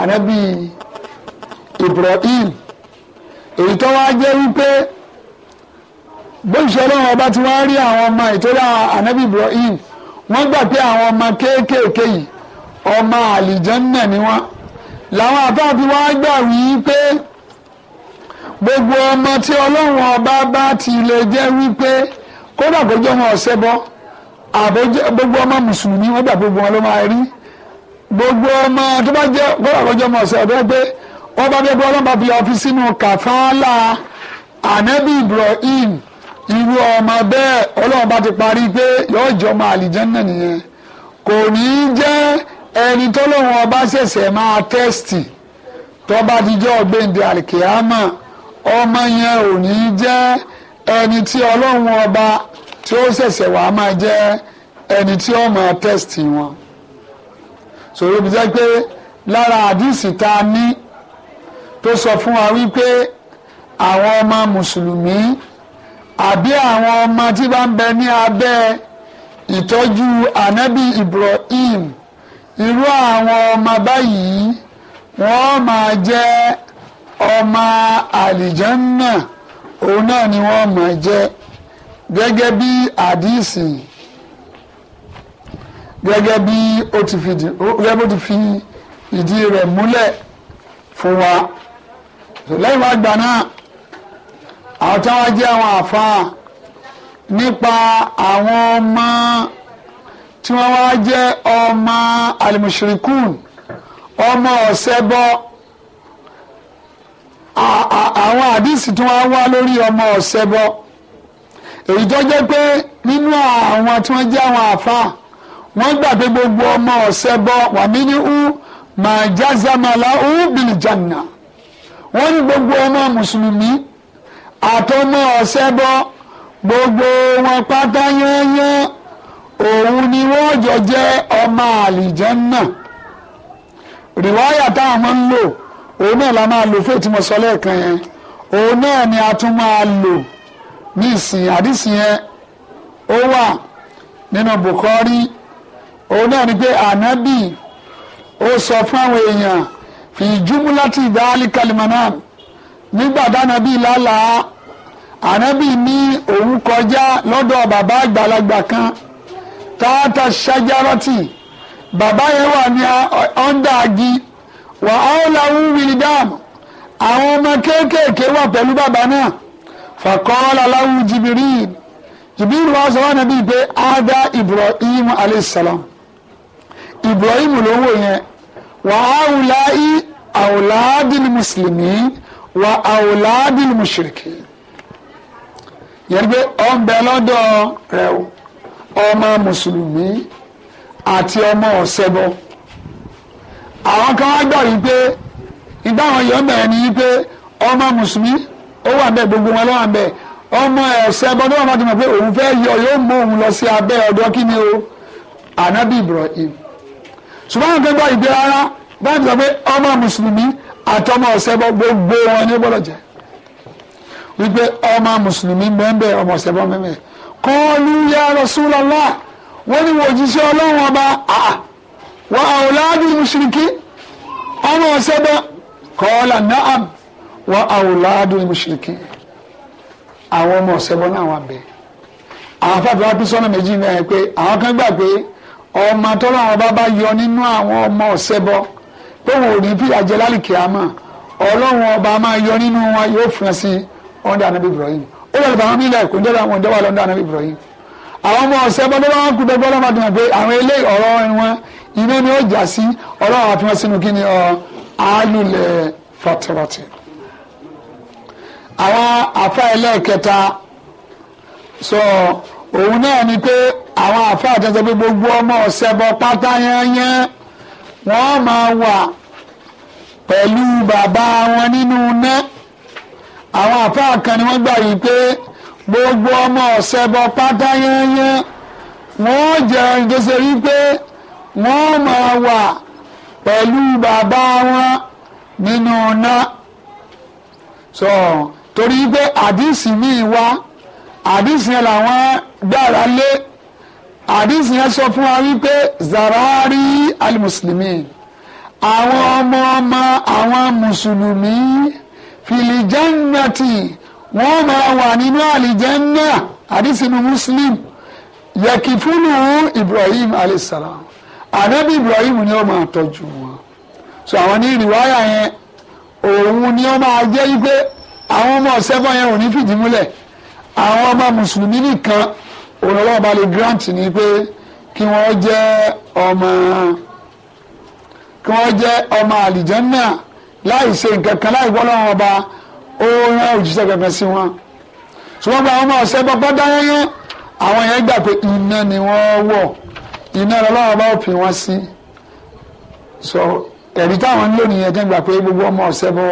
anabi Ibrahim èyí tó wáá jẹ́ wípé bóyìí ọlọ́run ọba tí wọ́n rí àwọn ọmọ ìtọ́lá anabi Ibrahim wọ́n gbà pé àwọn ọmọ kéékèèké yìí ọmọ àlìjẹ́nà ni wọ́n làwọn àbábí wa gbà wí pé gbogbo ọmọ tí ọlọ́run ọba bá ti lè jẹ́ wípé kódà kó jẹ́ ọmọ ọ̀sẹ̀ bọ́ gbogbo ọmọ mùsùlùmí wọ́n gbà gbogbo wọn ló máa rí gbogbo ọmọ tó bá jẹ́ kódà kó jẹ́ ọmọ ọ̀sẹ̀ ọ̀dọ́ pé wọ́n bá bẹ́ẹ̀ bí ọlọ́ba fi ọfi sínú kàfáàlà ànábì Ibrahim irú ọmọ bẹ́ẹ̀ ọlọ́run bá ti parí pé yọ̀ọ́ jẹ́ ọmọ àlìjẹ́nà nìyẹn kò ní í jẹ́ ẹni tọ́lọ́run ọba ṣẹ̀ṣẹ̀ máa tẹ́sítì tọ́ba dijọ́ gbẹ̀ǹdẹ̀ àlìkìyàmà ọmọ yẹn ò ní jẹ́ ẹni tí ọlọ́run ọba tí ó ṣẹ̀ṣẹ̀ wàá máa jẹ́ ẹni tí ó máa tẹ́sítì wọn. sòrò bí jẹ́ pé lára àdìsí tá ní tó sọ fún wa wípé àwọn ọmọ mùsùlùmí àbí àwọn ọmọ tí bá ń bẹ ní abẹ́ ìtọ́jú ànábì Ibrahim irú àwọn ọmọ báyìí wọ́n máa jẹ́ ọmọ àlìjánná òun náà ni wọ́n máa jẹ́ gẹ́gẹ́ bí àdìsí gẹ́gẹ́ bí ó ti fi ìdí rẹ̀ múlẹ̀ fún wa lẹ́yìn wá gbà náà àwọn táwọn jẹ́ àwọn àfa nípa àwọn ọmọ tí wọ́n wá jẹ́ ọmọ alimusirikun ọmọ ọ̀sẹ́bọ àwọn àdìsí tí wọ́n wá lórí ọmọ ọ̀sẹ́bọ èyí tó jẹ́ pé nínú àwọn tí wọ́n jẹ́ àwọn àfa wọ́n gbà pé gbogbo ọmọ ọ̀sẹ́bọ wàmí ní ú màá jázàmàlà ú bìlìjànà wọ́n ní gbogbo ọmọ mùsùlùmí àtọmọ ọ̀sẹ́bọ gbogbo wọn pátá yányán. òun ni wọ́n jọ jẹ́ ọmọ àlìjẹ́nnà rìwáyà táwọn ń lò òun náà la máa lò fún ètí mo yẹn òun náà ni a tún máa lò ní ìsìn àdìsí yẹn ó wà nínú Bukhari òun náà ni pé ànábì ó sọ fún àwọn èèyàn fi jumulati nígbà lálàá ànábì ní òun kọjá lọ́dọ̀ bàbá àgbàlagbà kan. tààtà ṣájárọ́tì bàbá yẹn wà ní ọ̀ndà agi wà á làwọn wíìlìdáàmù àwọn ọmọ kéékèèké wà pẹ̀lú bàbá náà fàkọ́ọ́lá láwùú jìbìrìl jìbìrìl wà sọ wọn nàbí pé ádá ibrahim aleyhisselam ibrahim ló wò yẹn wà á wùlá í àwùládìl mùsùlùmí wà àwùládìl mùsùlùmí yẹn pé ọ̀ lọ́dọ̀ rẹ̀ o ọmọ mùsùlùmí àti ọmọ ọ̀sẹ̀bọ àwọn kan wá gbà wípé ìgbà àwọn yọ̀ mẹ́rin ni wípé ọmọ mùsùlùmí ó wà bẹ́ẹ̀ gbogbo wọn ló wà bẹ́ẹ̀ ọmọ ọ̀sẹ̀bọ ní wọn bá ti mọ̀ pé òun fẹ́ yọ yóò mú òun lọ sí abẹ́ ọ̀dọ́ kí ni o ànábì Ibrahim ṣùgbọ́n àwọn kan gbà wípé rárá bá ti sọ pé ọmọ mùsùlùmí àtọmọ ọ̀sẹ̀bọ gbogbo wọn ni gbọ́dọ̀ jẹ́ wípé ọmọ mùsùlùmí mẹ́ńbẹ́ ọmọ ọ̀sẹ̀bọ mẹ́ńbẹ́ kọ́ọ̀lù yá Rasulullah wọ́n ní wòjíṣẹ́ ọlọ́run ọba wà àwòládì mùsùlùkì ọmọ Kọla naam àwọn ọmọ ọ̀sẹ́bọ̀ náà wà àwọn wa pín sọ́nà méjì náà pé àwọn pé ọmọ tọrọ ọba yọ nínú àwọn ọmọ ọ̀sẹ́bọ̀ pé wọn ò ní àmọ́ yọ nínú wọn yóò fún ẹ sí ó lọ bàwọn mi lẹ kó ń jẹba àwọn ìjọba lọ ń dáná Ibrahim àwọn ọmọ ọsẹ bọdọ bá wọn kú bẹgbẹ ọlọmọdún wọn pé àwọn ilé ọ̀rọ̀ wọn iná ni ó jà sí Ọlọ́run àfihàn sínú kí ni ọ alulẹ fatirọtì àwọn afa ẹlẹ́ẹ̀kẹta sọ òun náà ni pé àwọn afa àtẹsẹ pé gbogbo ọmọ ọsẹ bọ pátá yẹnyẹn wọn máa wà pẹ̀lú bàbá wọn nínú náà àwọn àfáà kan ni wọ́n gbà yìí pé gbogbo ọmọ ọ̀sẹ̀ bọ pátá yányán wọ́n jẹ́ ìdóṣe rí pé wọ́n máa wà pẹ̀lú bàbá wọn nínú iná sọ torí pé àdìsí míì wá àdìsí yẹn làwọn dára lé àdìsí yẹn sọ fún wa wípé zarari alimusulmi àwọn ọmọ ọmọ àwọn mùsùlùmí fìlìjẹ́nàtì wọ́n máa wà nínú àlìjẹ́nà àdìsínú muslim yẹkìfúnù ibrahim alayhisalam ànábì ibrahim ni ó máa tọ́jú wọn so àwọn ní ìrìwáyà yẹn òun ni ó máa jẹ́ wípé àwọn ọmọ ọ̀sẹ́fọ́ yẹn ò ní fìdí múlẹ̀ àwọn ọmọ mùsùlùmí nìkan olùrànlọ́wọ́ bá lè grant ni pé kí wọ́n jẹ́ ọmọ kí wọ́n jẹ́ ọmọ àlìjẹ́nà láì ṣe nǹkan kan láì gbọ́ lọ́wọ́ ọba ó rán òjíṣẹ́ kankan sí wọn ṣùgbọ́n bá àwọn ọmọ ọ̀sẹ̀ bọ́ pátá yẹn àwọn yẹn gbà pé iná ni wọ́n wọ̀ iná lọ́wọ́ ọba ò fi wọ́n sí so ẹ̀rí táwọn ń lò nìyẹn tẹ́ gbà pé gbogbo ọmọ ọ̀sẹ̀ bọ́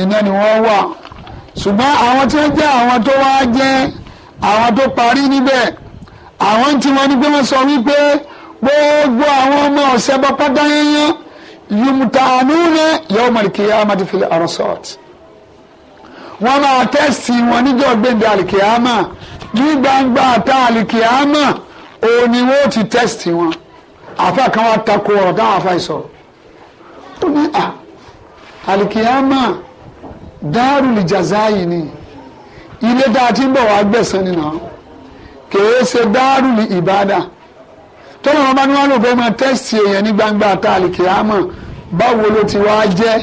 iná ni wọ́n wà ṣùgbọ́n àwọn tí wọ́n jẹ́ àwọn tó wá jẹ́ àwọn tó parí níbẹ̀ àwọn tí wọ́n ní pé wọ́n sọ wípé gbogbo àwọn ọmọ ọ̀sẹ̀ bọ́ pátá yẹn yẹn yumtanuna yawmal qiyamati fil arsat wọ́n máa tẹ́sì wọn níjọ́ gbẹ̀ndẹ̀ àlìkìyàmà ní gbangba ta àlìkìyàmà òun ni wọ́n ti tẹ́sì wọn àfa kan wá takò ọ̀rọ̀ táwọn afa ìsọ̀rọ̀ ó ní à àlìkìyàmà dárùlì jàzáyì ni ilé tá a ti ń bọ̀ wá gbẹ̀sán nìyà kèé ṣe dárùlì ìbádà tọ́lá wọn bá ní wọn lò fẹ́ máa tẹ́sì èèyàn ní gbangba àtàlìkì àmọ́ báwo ló ti wá jẹ́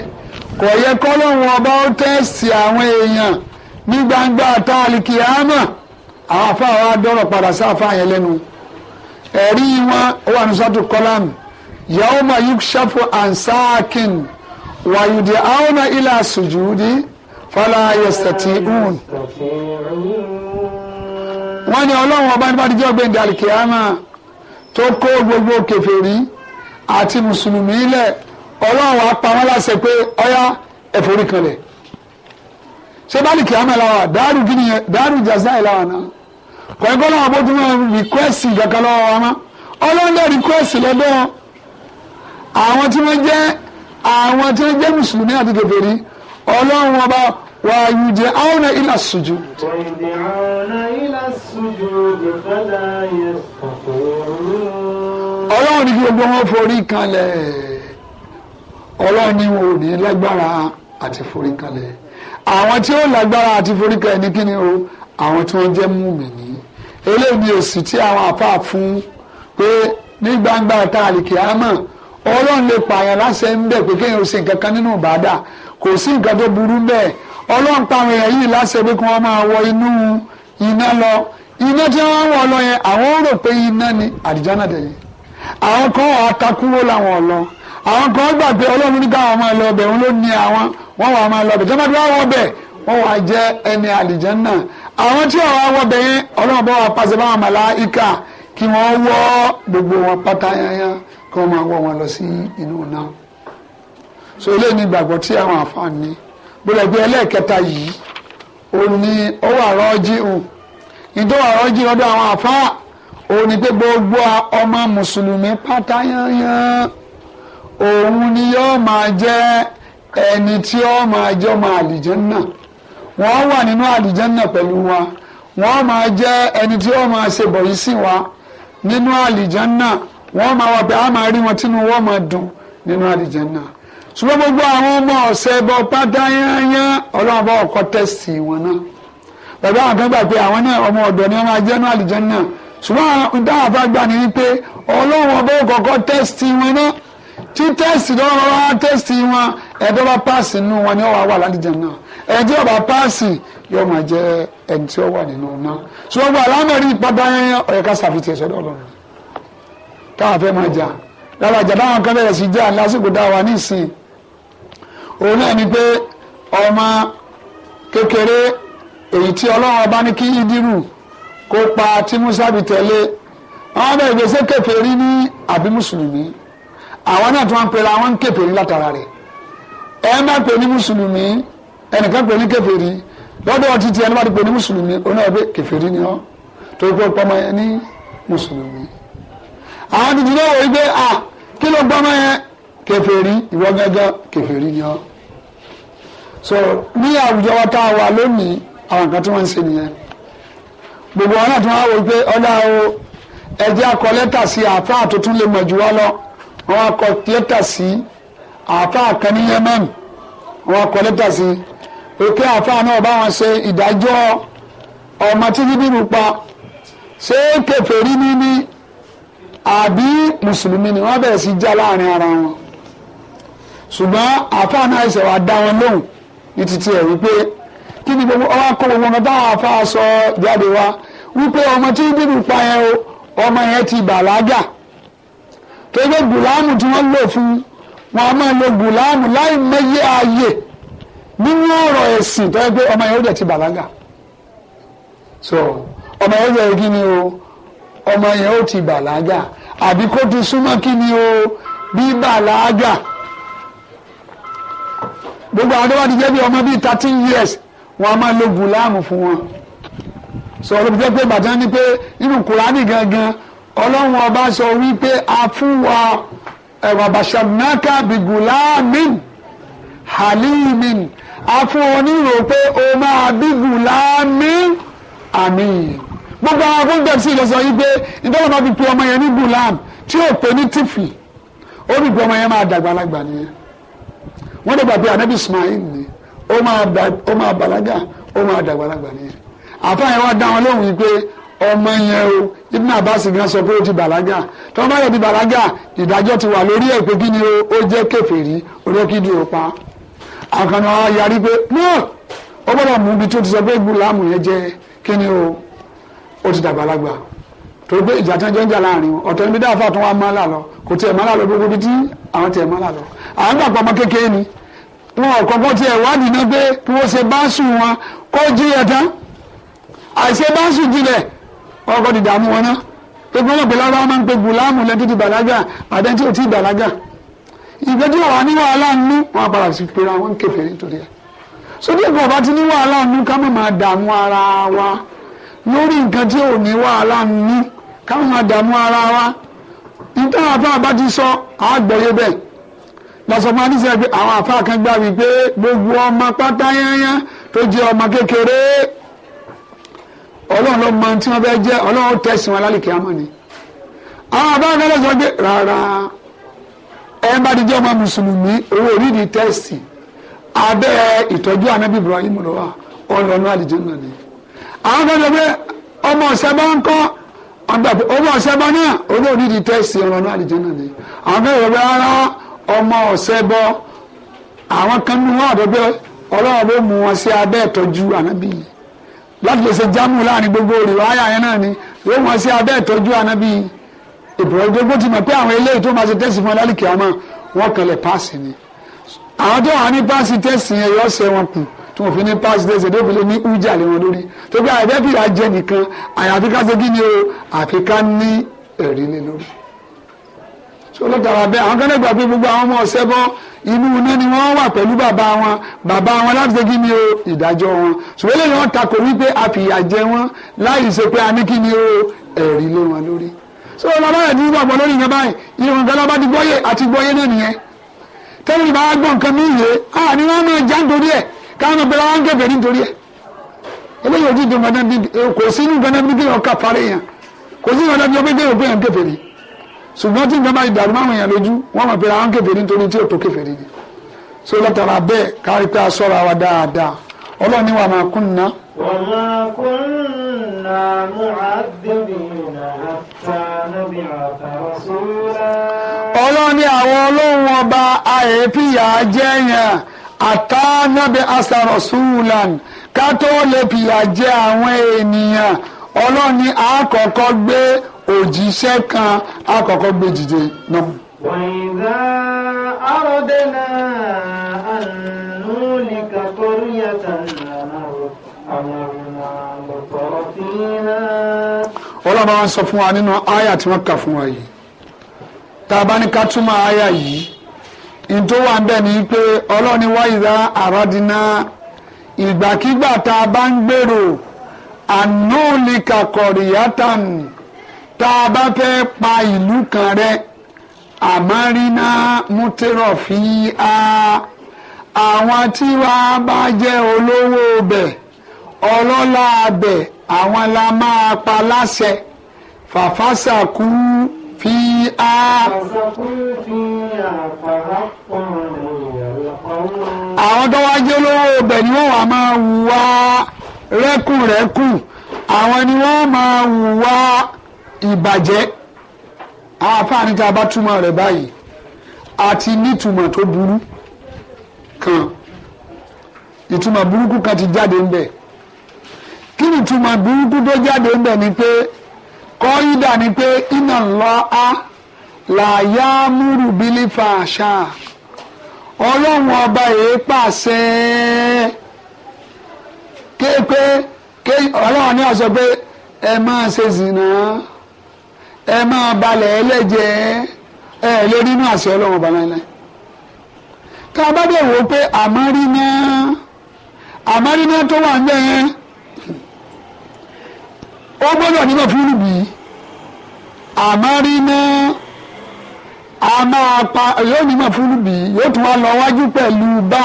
kò yẹ kọ́lọ́hún ọba ó tẹ́sì àwọn èèyàn ní gbangba àtàlìkì àmọ́ àwọn afáà wa dọ́rọ̀ padà sáfáà yẹn lẹ́nu ẹ̀rí wọn ó wà ní sọ́tù kọ́lámù yawma yukshafu an sakin wa yud'auna ila sujudi fala yastati'un wọ́n ní ọlọ́run ọba nípa díjọ́ gbẹ̀ǹdà àlìkìyàmá tó kó gbogbo kèfèrí àti mùsùlùmí lẹ̀ ọlọ́run apá wọn láṣẹ pé ọyá ẹ̀fọ́rí kan lẹ̀ ṣé báàlì kìámẹ́ la wà dáàrú kí nìyẹn dáàrú jàzá ẹ̀ la wà náà kọ̀ọ̀kan náà bó ti máa rìkwẹ́sì kankan lọ́wọ́ wa mọ́ ọlọ́run náà rìkwẹ́sì lọ́dọ̀ àwọn tí wọ́n jẹ́ àwọn tí wọ́n jẹ́ mùsùlùmí àti kèfèrí ọlọ́run ọba ويدعون إلى السجود ويدعون إلى السجود فلا يستطيعون ọlọ́run ní kí ọrụ wọn forí kalẹ̀ ọlọ́run ní àwọn tí ó lágbára àti o àwọn tí eléyìí àwọn àfa fún pé ní gbangba lè pààyàn láṣẹ ń pé kéèyàn ó ṣe nǹkan kan nínú kò sí nǹkan tó ọlọ́run táwọn èèyàn yìí láṣẹ pé kí wọ́n máa wọ inú iná lọ iná tí wọ́n wọ̀ lọ yẹn àwọn rò pé iná ni àdìjánà tẹ̀lé àwọn kan àtakúwó làwọn lọ àwọn kan gbà pé ọlọ́run ní káwọn máa lọ bẹ̀ òun ló ní àwọn wọ́n wà máa lọ bẹ̀ tí wọ́n bá wọ bẹ̀ wọ́n wà jẹ́ ẹni àdìjánà àwọn tí wọ́n wọ bẹ̀ yẹn ọlọ́run bá wà pàṣẹ báwọn màláíkà kí wọ́n wọ́ gbogbo wọn pátá yányán kí wọ́n máa wọ́ wọn lọ sí inú náà so eléyìí ni ìgbàgbọ́ tí àwọn àfáà ní gbọdọ̀gbẹ́ ẹlẹ́ẹ̀kẹta yìí òun ni ó wà rọ́ọ̀jì hù ìjọ wà rọ́ọ̀jì ọdọ̀ àwọn àfáà òun ni pé gbogbo ọmọ mùsùlùmí pátá yányán òun ni yóò máa jẹ́ ẹni tí ó máa jẹ́ ọmọ àlìjẹ́nnà wọ́n wà nínú àlìjẹ́nnà pẹ̀lú wa wọ́n máa jẹ́ ẹni tí ó máa ṣe bọ̀yì sí wa nínú àlìjẹ́nnà wọ́n máa wà pé a máa rí wọn tínú wọn máa dùn nínú àlìjẹ́nnà ṣùgbọ́n gbogbo àwọn ọmọ ọ̀sẹ̀ bọ pátá yányá ọlọ́run bá ọkọ tẹ̀sì wọn náà bàbá àwọn kan gbà pé àwọn náà ọmọ ọ̀dọ́ ni wọ́n máa jẹ́ ní àlùjánnà ṣùgbọ́n táwọn afá gbà ní wípé ọlọ́run ọba ọkọ̀ọ̀kọ̀ tẹ̀sì wọn náà tí tẹ̀sì lọ́wọ́ wá tẹ̀sì wọn ẹ̀dọ́ bá páàsì nínú wọn ni ó wà wà lálùjánnà ẹ̀dí ọba páàsì yóò máa jẹ́ ẹni tí ó wà nínú náà ṣùgbọ́n gbogbo àlámọ̀rí pátá yányá òun náà ni pé ọmọ kékeré èyí tí ọlọ́run ọba ní kí Ídírù kó pa tí Musa bì tẹ̀lé àwọn bẹ̀rẹ̀ gbèsè kèfèrí ní àbí mùsùlùmí àwọn náà tí wọ́n ń pera àwọn ń kèfèrí látara rẹ̀ ẹ má pè ní mùsùlùmí ẹnìkan pè ní kèfèrí lọ́dọ̀ ọtí tí ẹni bá ti pè ní mùsùlùmí òun náà pé kèfèrí ni ọ́ torí pé ó pọ́nmọ́ yẹn ní mùsùlùmí àwọn tuntun náà wòye pé à kí ló gbọ́mọ yẹn kèfèrí ìwọ gángan ni ọ́ so ní àwùjọ wa tá a wà lónìí àwọn nǹkan tí wọ́n ń ṣe nìyẹn gbogbo wọn náà tí wọ́n á wò pé ọ̀dà o ẹ̀jẹ̀ akọ lẹ́tà sí àáfàá tó tún lè mọ̀ jù wá lọ wọ́n akọ lẹ́tà sí àáfàá kan ní Yemen wọ́n akọ lẹ́tà sí òkè àáfàá náà bá wọn ṣe ìdájọ́ ọmọ tí bíbí pa ṣé kèfèrí ní ní àbí mùsùlùmí ni wọ́n bẹ̀rẹ̀ sí já láàrin ara wọn ṣùgbọ́n àáfàá náà ṣe wá dá wọn lóhùn ní títí ẹ̀ wípé kí ni gbogbo ọmọ akọ gbogbo ọmọ táwọn afa sọ jáde wá wípé ọmọ tí ń bíbí pa yẹn o ọmọ yẹn ti bàlágà tó gùlámù tí wọ́n lò fún wọn a máa lo gùlámù láì mẹ́yẹ ààyè nínú ọ̀rọ̀ ẹ̀sìn tó yẹ pé ọmọ yẹn ó jẹ́ ti bàlágà so ọmọ yẹn ó jẹ́ kí ni o ọmọ yẹn ó ti bàlágà àbí kó ti súnmọ́ kí ni o bí bàlágà gbogbo àwọn tó bá ti jẹ́ bí ọmọ bíi thirteen years wọ́n á máa lo gùláàmù fún wọn sọ ló jẹ́ pé bàtà ni pé nínú kùránì gangan ọlọ́run ọba sọ wípé a fún wa ẹ̀wà bàṣàmùnákà bí gùláàmù halimin a fún ọ nírò pé o máa bí gùláàmù àmín gbogbo àwọn akóńtẹ̀ sí ìlọsọ yìí pé ìdánwò máa fi pe ọmọ yẹn ní gùláàmù tí yóò pè ní tìfì ó fi pe ọmọ yẹn máa dàgbàlagbà nìyẹn wọ́n dẹ̀ gbàgbé anabi ismail ni ó máa bàlágà ó máa dàgbàlagbà nìyẹn àfáàyè wa dá wọn lóhùn yìí pé ọmọ yẹn o ibn abbas gan sọ pé ó ti bàlágà tó bá yẹ di bàlágà ìdájọ́ ti wà lórí ẹ̀ pé kí ni ó jẹ́ kèfèrí olókìdí ó pa àkànnà yarí pé náà ó gbọ́dọ̀ mú ibi tó ti sọ pé gbùlámù yẹn jẹ́ kí ni ó ti dàgbàlagbà tó gbé ìjà tí wọ́n jẹ́ ń jà láàrin wọn ọ̀tọ̀ níbi dáàfà tó wá mọ́lá lọ kò tiẹ̀ mọ́lá lọ gbogbo ibi tí àwọn tiẹ̀ mọ́lá lọ àwọn gbà pamọ́ kékeré ni wọn ọ̀kọ̀ọ̀kan tiẹ̀ wádìí náà pé kí wọ́n ṣe báńsù wọn kó jí ẹ̀ tán àìṣe báńsù jinlẹ̀ ọkọ̀ dìdààmú wọn náà gbogbo wọn pẹ̀lú aráwọ̀ máa ń pe gùlámù lẹ́tí ti bàlágà àdẹ́ntí ò tí bàlágà ìgbẹ́jọ́ wà ní wàhálà nínú ní wàhálà káwọn máa dààmú ara wa nítorí àwọn afáà bá ti sọ àwọn àgbọ̀yé bẹ́ẹ̀ lọ́sọ̀mọ́ adíṣẹ́ pé àwọn afáà kan gbà wípé gbogbo ọmọ pátá yányán tó jẹ́ ọmọ kékeré ọlọ́run ló mọ tí wọ́n fẹ́ jẹ́ ọlọ́run tẹ̀sán alálìkẹ́ àmọ́ ni àwọn afáà kan lọ́sọ̀ pé rárá ẹ̀ bá ti jẹ́ ọmọ mùsùlùmí owó orídìí tẹ̀sì abẹ́ ìtọ́jú anábì Ibrahim lọ́wọ́ ọlọ́run àlìjẹ́ náà ni àwọn kan lọ́sọ̀ ọgbà pé owó ọ̀sẹ̀bọ náà olóòní di tẹ́sí ọ̀rọ̀ náà àdìjẹ́ náà ni àwọn mẹ́rin ọ̀bẹ ara ọmọ ọ̀sẹ̀bọ àwọn kan nínú wọn àdọ́gbẹ́ ọlọ́wọ́ bó mú wọn sí abẹ́ ìtọ́jú ànábì yìí láti lè ṣe jámù láàrin gbogbo olùwà ayà yẹn náà ni yóò mú wọn sí abẹ́ ìtọ́jú ànábì ìbùrọ̀ gbogbo ti mọ̀ pé àwọn eléyìí tó máa ṣe tẹ́sí fún alálìkè àmọ́ wọn kàn páàsì ni àwọn tó wà ní páàsì tẹ́sí yẹn yọ tó fi ní pass days èdè òfin lè ní ujà lé wọn lórí tó bí àyàfẹ́ jẹ nìkan àyàfi ká ṣe kí ni o àfi ká ní ẹ̀rí lé lórí. tó lọ́tara bẹ́ẹ̀ àwọn kẹ́lẹ́ gbà pé gbogbo àwọn ọmọ ọ̀sẹ́ bọ́ inú ilé ni wọ́n wà pẹ̀lú bàbá wọn bàbá wọn láti ṣe kí ni o ìdájọ́ wọn ṣùgbọ́n lè wọ́n takò wípé a jẹ wọn láì ṣe pé a ní kí ni o ẹ̀rí lé wọn lórí. so lọ́bàrẹ̀ ti wà pọ̀ lórí ìyẹn báyìí ìrùn kan lọ́ba ti gbọ́yé àti gbọ́yé náà nìyẹn tẹ́lifí bá gbọ́ nǹkan mí káwọn gbẹlẹ wọn gẹ̀gẹ̀ nítorí ẹ̀ eléyìí ojú ìdìbò náà bí eh, kò sí inú gbẹdẹ bí kéèyàn ká parí yẹn kò sí ìrọ̀lẹ́ bí ọgbẹ́ kéèyàn gbẹ̀yàn gẹ̀fẹ̀ ni ṣùgbọ́n tí nǹkan bá yìí dàrú máwọn èèyàn lójú wọ́n mọ̀ pé àwọn gẹ̀fẹ̀ nítorí tí òtó kẹfẹ̀ ni so látara bẹ́ẹ̀ kárí pé a sọ̀rọ̀ àwa dáadáa ọlọ́run ní wa máa kún ná. wa ma kunna mu'azzibina hatta nab'atha rasula. ọlọ́run ní àwọn ọlọ́run ọba àyèéfìyà àtànàbẹ asàrọ̀ sùúlàn ká lè fìyà jẹ àwọn ènìyàn ọlọ́run ní àkọ́kọ́ gbé òjíṣẹ́ kan àkọ́kọ́ gbé dìde náà. وإذا أردنا أن نهلك قرية أمرنا مطر فيها ọlọ́run máa ń sọ fún wa nínú àyà tí wọ́n kà fún wa yìí tá a bá ní ká túmọ̀ àyà yìí ntó wà ń bẹ̀ ni pé ọlọ́ni wáyìlá àròdìnà ìgbàkigbà tá a bá ń gbèrò ànúlìkà kọ̀rìyátàn tá a bá fẹ́ pa ìlú kan rẹ àmárínà mútẹ́rọ̀ fi á àwọn tí wàá bá jẹ́ olówó bẹ̀ ọlọ́lá bẹ̀ àwọn la máa pa láṣẹ fàfàṣà kú. فيها àwọn tó wá jẹ́ olówó ibẹ̀ ni wọ́n wà máa hùwà rẹ́kùrẹ́kù àwọn ni wọ́n máa hùwà ìbàjẹ́ àwọn tá a bá túmọ̀ rẹ̀ báyìí àti nítumọ̀ tó burú kan ìtumọ̀ burúkú kan ti jáde ńbẹ̀ kí ni ìtumọ̀ burúkú tó jáde ńbẹ̀ ni pé kọ́ídà ni pé iná lọ á làyà múrù bílí fa àṣà ọlọ́run ọba yìí pàṣẹ kéèpé ké ọlọ́run ní ọ̀sọ̀ pé ẹ máa ṣe zìnà ẹ máa balẹ̀ ẹlẹ́jẹ̀ ẹ lé nínú àṣẹ ọlọ́run ọba náà tá bá dẹ̀ wò ó pé àmọ́rí náà àmọ́rí náà tó wà ń bẹ̀ ó gbọ́dọ̀ níbẹ̀ fúlù bí àmárínà a máa pa yóò níbẹ̀ fúlù bí yóò tún wá lọ wájú pẹ̀lú bá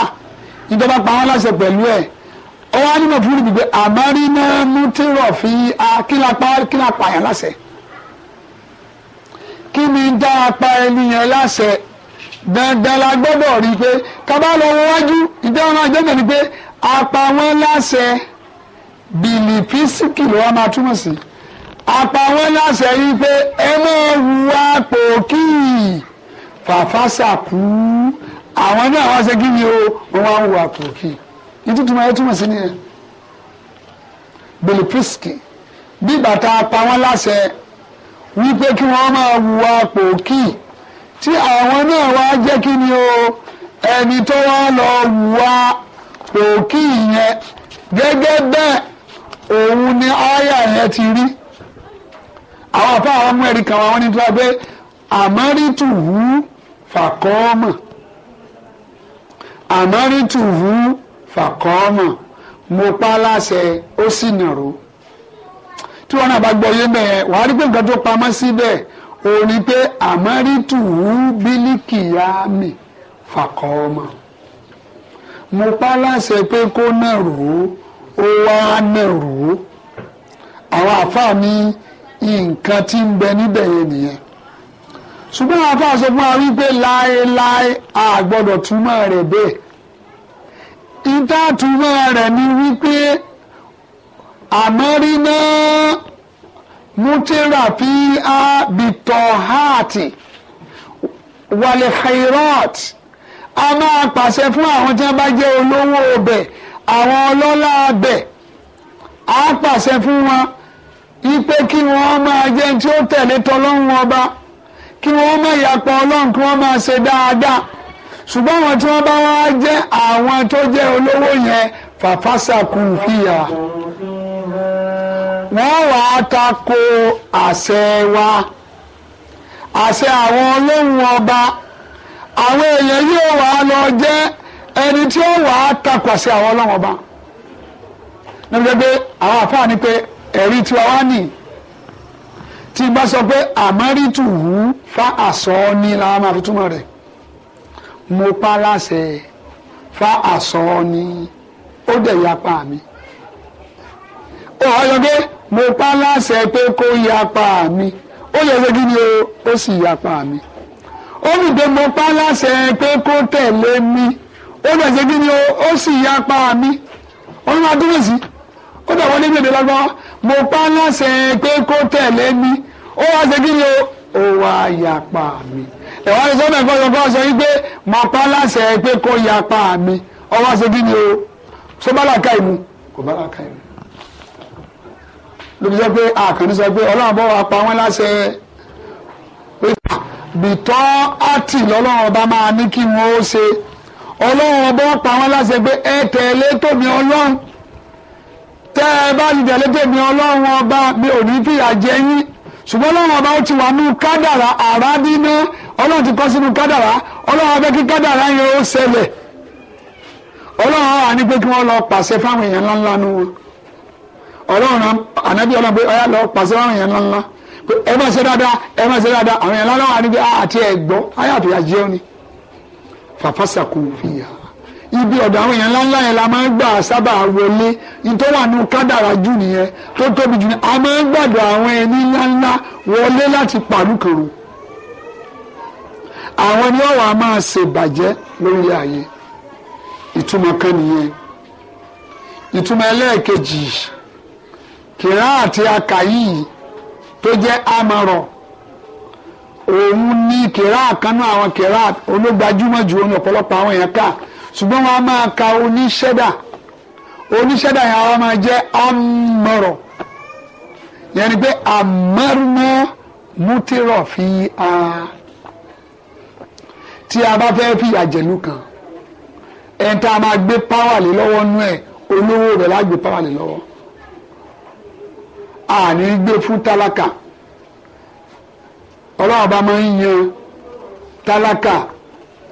ìjọba pa wọn láṣẹ pẹ̀lú ẹ̀ ó wá níbẹ̀ fúlù bí pé àmárínà mútírọ̀ fi akínlápá kínlápá yẹn láṣẹ kí ni dá a pa ẹni yẹn láṣẹ dandan la gbọ́dọ̀ rí i pé ká lọ wájú ìjọba náà jẹ́ bẹ̀ pé a pa wọn láṣẹ bìlì físíkì ló wá máa túmọ̀ sí apá wọn láṣẹ yìí pé ẹ máa hùwà pòkì fàfàṣàkú àwọn náà wá ṣe kí ni o wọn wá hùwà pòkì ìtútùmọ̀ ẹ túmọ̀ sí nìyẹn bìlì físíkì bí bàtà apá wọn láṣẹ wípé kí wọ́n máa hùwà pòkì tí àwọn náà wá jẹ́ kí ni o ẹni tó wá lọ hùwà pòkì yẹn gẹ́gẹ́ bẹ́ẹ̀. òun ni àyà yẹn ti rí àwọn àpá ọmọ ẹ̀rí kan wọn ní tó wá pé àmọ́rìtùwú fàkọ́ọ̀mọ̀ fàkọ́ọ̀mọ̀ mo pa láṣẹ ó sì nàró tí wọn náà bá gbọ́ yé bẹ́ẹ̀ wàá rí pé nǹkan tó pamọ́ síbẹ̀ pé bílíkìyàmì fàkọ́ọ̀mọ̀ mo kó nàró ó wá nàró àwọn àáfàá ní nǹkan tí ń bẹ níbẹ̀ yẹn nìyẹn ṣùgbọ́n àwọn sọ fún wa wípé láéláé a gbọ́dọ̀ túmọ̀ rẹ̀ bẹ́ẹ̀ ìta túmọ̀ rẹ̀ ni wípé àmọ́rí náà mútírà fi á bìtọ̀ háàtì wàlẹ̀ khairat a máa pàṣẹ fún àwọn tí wọ́n bá jẹ́ olówó ọbẹ̀ àwọn ọlọ́lá abẹ á pàṣẹ fún wọn ipe kí wọn máa jẹ tí ó tẹ̀lé tọlọ́run ọba kí wọn máa yàpọ̀ ọlọ́run kí wọn máa ṣe dáadáa ṣùgbọ́n àwọn tí wọ́n bá wá jẹ́ àwọn tó jẹ́ olówó yẹn fàfàṣàkù tako àṣẹ wa àṣẹ àwọn ọlọ́run ọba àwọn èèyàn yóò wá lọ jẹ́ ẹni tí ó wà á takwa sí àwọn ọlọ́run ọba níbi jẹ́ pé àwọn àfáà pé ẹ̀rí tiwa wá nì tí bá sọ pé àmọ́rìtù wù ú fa àsọ ni làwọn máa fi túmọ̀ rẹ̀ mo pa láṣẹ fa àsọ ni ó dẹ̀ yapa mi ó wá yọ pé mo pa láṣẹ pé kó yapa mi ó yẹ ṣe kí ni o ó sì yapa mi ó ní pé mo pa láṣẹ pé kó tẹ̀lé mi olùwẹ̀sẹ̀ kí ni ó sì ya apá mi ọlọ́run adúlọ̀ sí ó dà wọ́n níbi èdè lọ́gbọ́n mo pa láṣẹ pé kó tẹ̀lé mi ó wá ṣe kí ni ó ó wá ya apá mi ẹ̀wọ́n ní sọ́dọ̀ ẹ̀kọ́ ìjọba sọ wípé mo pa láṣẹ pé kó ya apá mi ó wá ṣe kí ni ó sọ́bálàkà ìmú kò bá làkà ìmú lóbi sọ pé àkànní sọ pé ọlọ́run bọ́ wa pa wọ́n láṣẹ pé bìtọ́ àtì lọ́lọ́run ọba máa ní kí wọ́n ó ṣe ọlọ́run ọba pa wọ́n láṣẹ pé ẹ tẹ̀lé tòmí ọlọ́run tẹ́ ẹ bá ti tẹ̀lé tòmí ọlọ́run ọba mi ò ní fìyà jẹ yín ṣùgbọ́n ọlọ́run ọba ó ti wà ní kádàrà àrá nínú ọlọ́run ti kọ́ sínú kádàrà ọlọ́run ọba kí kádàrà yẹn ó ṣẹlẹ̀ ọlọ́run ọba ní pé kí wọ́n lọ pàṣẹ fáwọn èèyàn ńláńlá nu wọn ọlọ́run ànábì ọlọ́run pé ọyá lọ pàṣẹ fáwọn èèyàn ńláńlá ẹ má ṣe dáadáa ẹ má ṣe dáadáa àwọn èèyàn ńláńlá wà níbi àti ẹ̀gbọ́n ayé àfìyà jẹun ni fàfàṣàkó fìyà ibi ọ̀dọ̀ àwọn èèyàn ńláńlá yẹn la máa ń gbà sábà wọlé nítorí wà ní kádàrá jù nìyẹn tó tóbi jù ní a máa ń gbàdọ̀ àwọn ẹni ńláńlá wọlé láti pàlùkòrò àwọn ni ọ̀wà máa ṣèbàjẹ́ lórí ayé ìtumọ̀ kan nìyẹn ìtumọ̀ ẹlẹ́ẹ̀kejì kìrá àti akàyí tó jẹ́ amọ̀rọ̀ òun ní kẹrà kanú àwọn kẹrà ológbajúmọ̀ ju oní ọ̀pọ̀lọpọ̀ àwọn èèyàn ká ṣùgbọ́n wọn a máa ka oníṣẹ́dà oníṣẹ́dà yẹn àwọn máa jẹ́ amọ̀rọ̀ yẹn ni pé amọ̀rọ̀ mútírọ̀ fi a tí a bá fẹ́ fi àjẹ̀lú kan ẹni tá a máa gbé páwà lé lọ́wọ́ nú ẹ̀ olówó rẹ̀ lágbé páwà lé lọ́wọ́ àní gbé fún tálákà ọlọ́run bá máa ń yan tálákà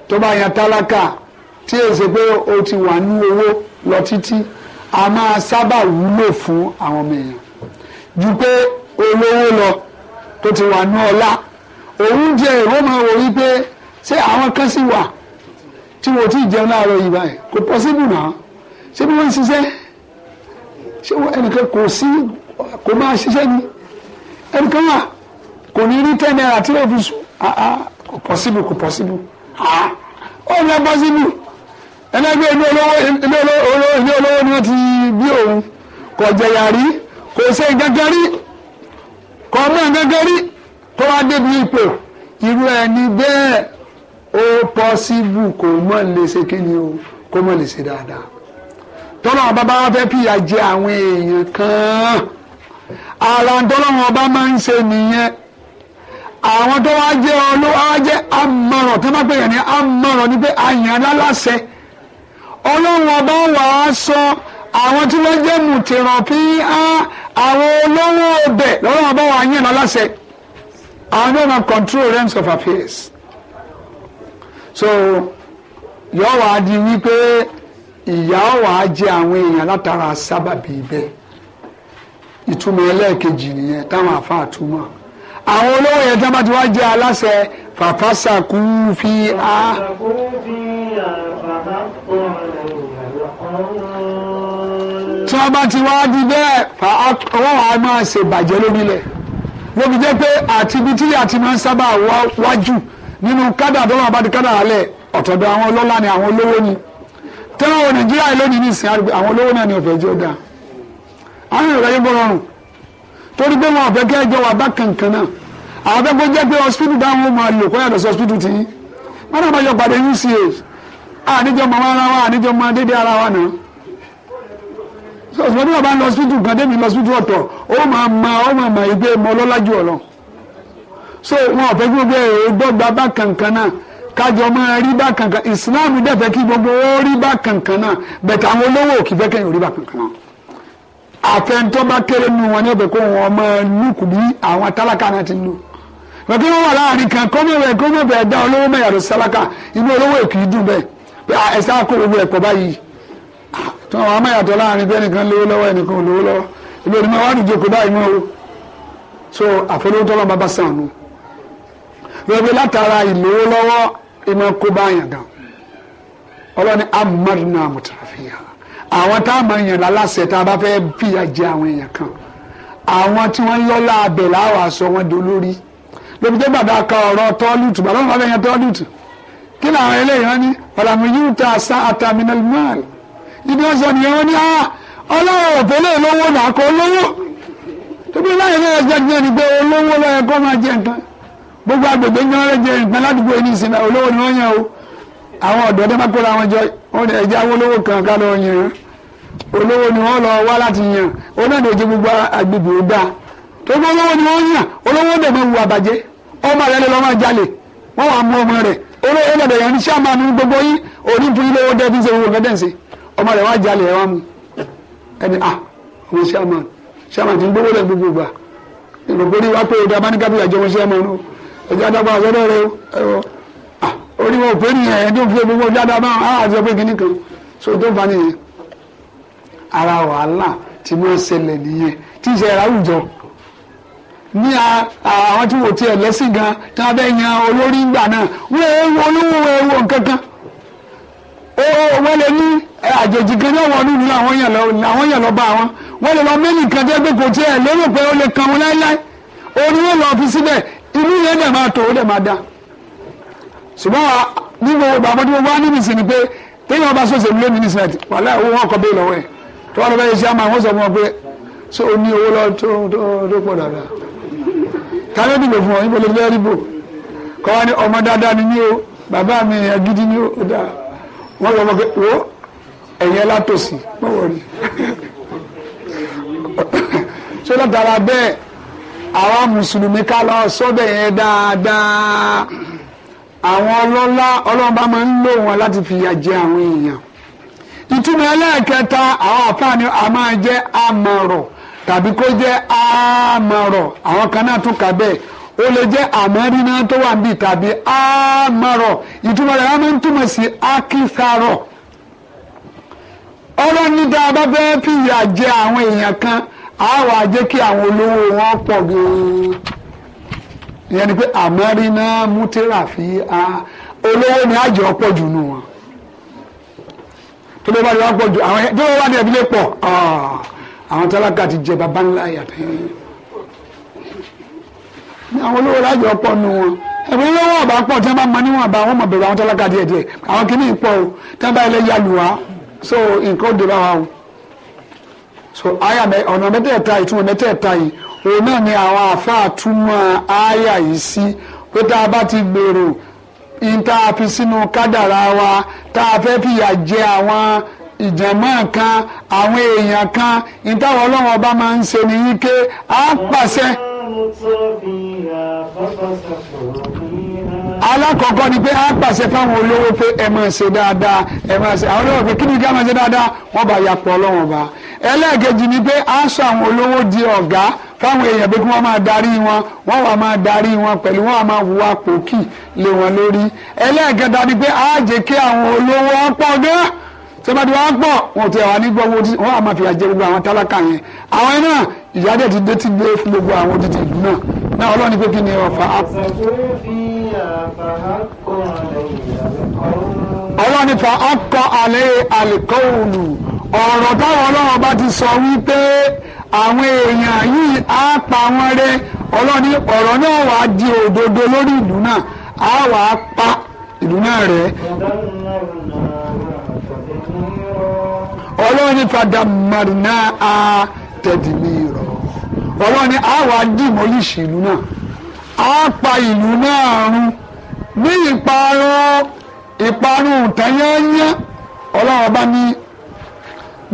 tó bá yan tálákà tí èsè pé o ti wà ní owó lọ títí a máa sábà wúlò fún àwọn ọmọ èèyàn ju pé olówó lọ tó ti wà ní ọlá òun jẹ èrò máa wò wípé ṣé àwọn kan sì wà tí wò tí ì jẹun láàárọ̀ yìí báyìí kò pọ́sibù náà ṣé bí wọ́n ń ṣiṣẹ́ ṣé ẹnìkan kò sí kò máa ṣiṣẹ́ ni ẹnìkan wà kò ní rí ten naira tí yóò fi sùn ah, ah, kò pọ́síbù kò pọ́síbù ah, ó ní pọ́síbù ẹlẹ́gbẹ́ ilé olówó ilé olówó ilé olówó ni wọ́n ti bí òun kò jẹ̀yà rí kò ṣe gẹ́gẹ́ rí kò mú gẹ́gẹ́ kó wá débi ipò irú ẹni bẹ́ẹ̀ ó pọ́síbù kò mọ̀ lè ṣe kí ni o kó mọ̀ lè ṣe dáadáa tọ́lọ́ bàbá wa fẹ́ fìyà jẹ àwọn èèyàn kan ara tọ́lọ́ wọn bá máa ń ṣe nìyẹn àwọn tó wá jẹ́ olówó wá jẹ́ amọ̀ràn tó bá pè yàn ní amọ̀ràn ni pé àyàn aláṣẹ ọlọ́run ọba wà á sọ àwọn tí wọ́n jẹ́ mùtìràn fi hàn àwọn olówó ọbẹ̀ lọ́rùn ọba wà á yàn aláṣẹ àwọn tó máa control realms of affairs so yọ wà á di wípé ìyà wà á jẹ àwọn èèyàn látara sábàbí bẹ́ẹ̀ ìtumọ̀ ẹlẹ́ẹ̀kejì nìyẹn táwọn àfa àtúmọ̀ àwọn olówó yẹn tí wọ́n bá ti wá jẹ́ aláṣẹ fàfàṣà fi á. tí wọ́n bá ti wá di bẹ́ẹ̀ ọwọ́ wa máa ṣèbàjẹ́ lórílẹ̀ lóbi jẹ́ pé àti ibi tí àti máa ń sábà wájú nínú kádà tó wà bá di kádà alẹ́ ọ̀tọ̀dọ̀ àwọn ọlọ́lá ni àwọn olówó ni tẹ́wọ̀n Nàìjíríà lónìí nìsín àwọn olówó náà ni ọ̀fẹ́ jẹ́ ó àwọn ìrọ̀lẹ́ yẹn bọ́ rọrùn torí pé wọn ò fẹ́ kí ẹjọ́ wà bá kankan náà àwọn fẹ́ kó jẹ́ pé hospital dáhùn máa lò kó yàtọ̀ sí hospital tí wọn náà máa yọ pàdé uch àníjọ màmá ara wa àníjọ máa dédé ara wa náà so ìwọ ní wọn bá ń lọ hospital kan débi lọ hospital ọ̀tọ̀ ó máa ma ó máa ma ìgbé mọ ọlọ́lájú ọ̀lọ́ so wọn ò fẹ́ kí gbogbo èrò gbọ́gba bá kankan náà kájọ máa rí bá kankan ìsìláàmù dẹ̀ fẹ́ kí gbogbo ó rí bá kankan náà bẹ̀tẹ̀ àwọn olówó kì fẹ́ kẹ́yìn rí bá kankan náà àfẹnutọ́ba kéré nu wọn ní ọbẹ̀ kó wọn ọmọ lùkù bí àwọn tálákà náà ti lù pẹ̀lú kí wọ́n wà láàrin kan kọ́mọ̀bẹ̀ kọ́mọ̀bẹ̀ ẹ̀dá olówó mẹ́yàdó sálákà inú olówó èkì í dùn bẹ́ẹ̀ pé ẹ̀sẹ̀ àkó gbogbo ẹ̀kọ́ báyìí tí wọ́n wà mẹ́yàtọ̀ láàrin bẹ́ẹ̀ nìkan lówó lọ́wọ́ ẹnìkan lówó lọ́wọ́ ìlú ìdí mẹ́wàá dùn jòkó báyìí mọ́ o so àfọlówótọ́ lọ́ba àwọn táwọn èèyàn láláṣẹ tá a bá fẹ́ fìyà jẹ àwọn èèyàn kan àwọn tí wọ́n lọ́lá abẹ̀ láwọ̀ aṣọ wọn dolórí lóbi tó bàbá ka ọ̀rọ̀ tọ́lùtù bàbá wọn bàbá yẹn tọ́lùtù kí làwọn eléyìí wọn ní ọ̀làmù yìí ta sa àtàmìnà mọ́ọ̀l ibi wọn sọ nìyẹn wọn ní ah, ọlọ́wọ́ òpólẹ̀ lówó náà kọ́ lówó tóbi láyé lóye jẹjẹ ni pé olówó lọ́yẹ kọ́ máa jẹ nǹkan gbogbo agbègbè ń jẹun jẹ nǹkan ládùúgbò yìí ní ìsinmi olówó ni wọ́n yẹn o àwọn ọ̀dọ́ dẹ́gbàkúrò àwọn jọ ẹja wọlówó kan ká lọ́ọ́ yẹn olówó ni ọ lọ wá láti yàn onáde ojú gbogbo agbègbè ó dáa tó ọ olówó ni wọ́n yàn olówó dẹ̀ máa wù àbàjẹ́ ọmọ rẹ̀ lè jalè wọn wà mú ọmọ olówó ní sàmà ní gbogbo yín òní ilé owó ọmọ rẹ̀ wá jalè ẹ̀ wá ẹni à ah, ọmọ sàmà sàmà ń gbogbo gbà ah, gbogbo àti kìnnìkan so tó ara wàhálà tí wọ́n ṣẹlẹ̀ nìyẹn tí ń ṣẹlẹ̀ láwùjọ ní àwọn tí wò tiẹ̀ lẹ́sìn gan tí wọ́n bẹ́ẹ̀ yan olórí ńgbà náà wọ́n ewu olówó ewu nkankan wọ́n lè ní àjèjì kan náà wọ́n àwọn lọ bá wọn wọ́n lè mẹ́lì kan lè kàn wọ́n láéláé síbẹ̀ inú yẹn dẹ̀ máa ní wàhálà owó wọn kọ tó wà lọ́bẹ̀ iṣẹ́ àmọ́ àwọn sọ fún ọ pé ṣé o ní owó lọ tó tó tó pọ̀ dáadáa káyọ̀ dìbò fún ọ níbo ló fẹ́ rí kọ́ wa ní ọmọ dáadáa ni ní o bàbá mi ẹ̀yàn gidi ní o dáa wọ́n lọ wọ́n pé wo ẹ̀yẹ látòsí mọ̀ wọ́n rí ṣé látara bẹ́ẹ̀ àwa mùsùlùmí ká lọ sọ́dọ̀ yẹn dáadáa àwọn ọlọ́lá ọlọ́run bá máa ń lò wọn láti fìyà jẹ àwọn èèyàn ìtumọ̀ ẹlẹ́ẹ̀kẹta àwọn àfáàní a máa jẹ́ àmọ̀rọ̀ tàbí kó jẹ́ àmọ̀rọ̀ àwọn kan náà tún kà bẹ́ẹ̀ ó lè jẹ́ àmọ́rínà tó wà níbi tàbí àmọ̀rọ̀ ìtumọ̀ rẹ̀ wọ́n máa ń túmọ̀ sí akífarọ̀ ọ̀rọ̀ ní tá a bá fẹ́ fìyà jẹ àwọn èèyàn kan á wàá kí àwọn olówó wọn pọ̀ gan-an ìyẹn ni pé àmọ́rínà mútẹ́rà fi olówó ni àjọ pọ̀ jù nù wọn tó ló bá di wá pọ̀ ju àwọn tó ló bá di ẹbí lè pọ̀ ah, àwọn tálákà ti jẹ bàbá ńlá yàtọ̀ yẹn ni àwọn olówó lájọ pọ̀ nù wọn ẹ̀bùn olówó ọ̀bà pọ̀ tí wọ́n bá mọ níwọ̀n àbá wọn mọ̀ bẹ̀rù àwọn tálákà díẹ̀ díẹ̀ àwọn kìíní pọ̀ o tí wọ́n bá ilé yalù wá so nǹkan ó dé bá wa o so aya ọ̀nà mẹ́tẹ̀ẹ̀ta ìtumọ̀ mẹ́tẹ̀ẹ̀ta yìí òun náà ni àwọn àfáà túmọ̀ aya yìí sí pé tá a bá ti gbèrò ìta fi sínú kádàrá wa tá a fẹ́ fìyà jẹ àwọn ìjàmọ́ kan àwọn èèyàn kan ìta ọlọ́run ọba máa ń ṣe ní wípé a pàṣẹ. alákọ̀ọ́kọ́ ni pé a pàṣẹ fáwọn olówó pé ẹ máa ṣe dáadáa ẹ máa ṣe àwọn olówó pé kí ni ká máa ṣe dáadáa wọ́n bá yàpọ̀ ọlọ́run ọba ẹlẹ́ẹ̀kejì ni pé a sọ àwọn olówó di ọ̀gá káwọn èèyàn pé kí wọ́n máa darí wọn wọ́n wà máa darí wọn pẹ̀lú wọ́n wà máa wùwà pòkì lé wọn lórí ẹlẹ́ẹ̀kẹta ni pé á jẹ́ kí àwọn olówó ọ̀pọ̀ gan sẹ́fàdì wọn pọ̀ wọn ò tiẹ̀ wà ní gbọ́wọ́ tí wọ́n wà máa fìyà jẹ gbogbo àwọn tálákà yẹn àwọn iná ìyá dẹ̀ ti dé ti gbé fún gbogbo àwọn odidi ìlú náà náà ọlọ́run ní pé kí ni ọ̀fà á. ọlọ́run ní fa ọkọ̀ alẹ́ àlìkọ́ọ̀lù ọ̀rọ̀ táwọn ọlọ́run bá ti sọ wípé àwọn èèyàn yìí á pa wọ́n rẹ́ ọlọ́ni ọ̀rọ̀ náà wà á di òdodo lórí ìlú náà á wà á pa ìlú náà rẹ́. ọlọ́ni padà màrínà á tẹ̀dí mi rọ̀ ọlọ́ni á wà á dì mọ́líṣì ìlú náà á pa ìlú náà run ní ìparun ìparun tẹ̀yẹ́yẹ́ ọlọ́wọ́ bá ní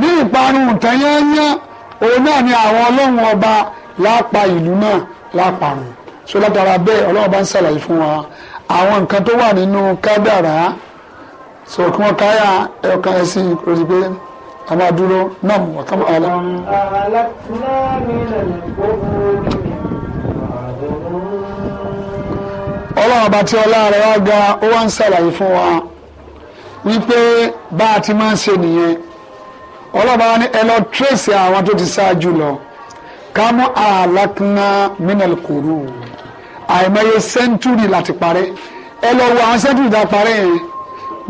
ní ìparun tẹ̀yẹ́yẹ́ òun náà ni àwọn ọlọ́run ọba lápá ìlú náà lápàrùn so látara bẹ́ẹ̀ ọlọ́run bá ń ṣàlàyé fún wa àwọn nǹkan tó wà nínú kádàrá so kí wọ́n káyà ẹ̀ọ̀kan ẹ̀sìn kúròsì pé a máa dúró náà mú wà kámọ́ àlá. ọlọ́run ọba tí ọlá rẹ̀ wá ga ó wá ń ṣàlàyé fún wa wípé bá a ti máa ń ṣe nìyẹn ọlọ́ba wa ní ẹ lọ tírèsì àwọn tó ti ṣáájú lọ kámú àlákínà mínẹ́lì kòrò àìmọye sẹ́ńtúrì láti parẹ́ ẹ lọ wo àwọn sẹ́ńtúrì tá parẹ́ yẹn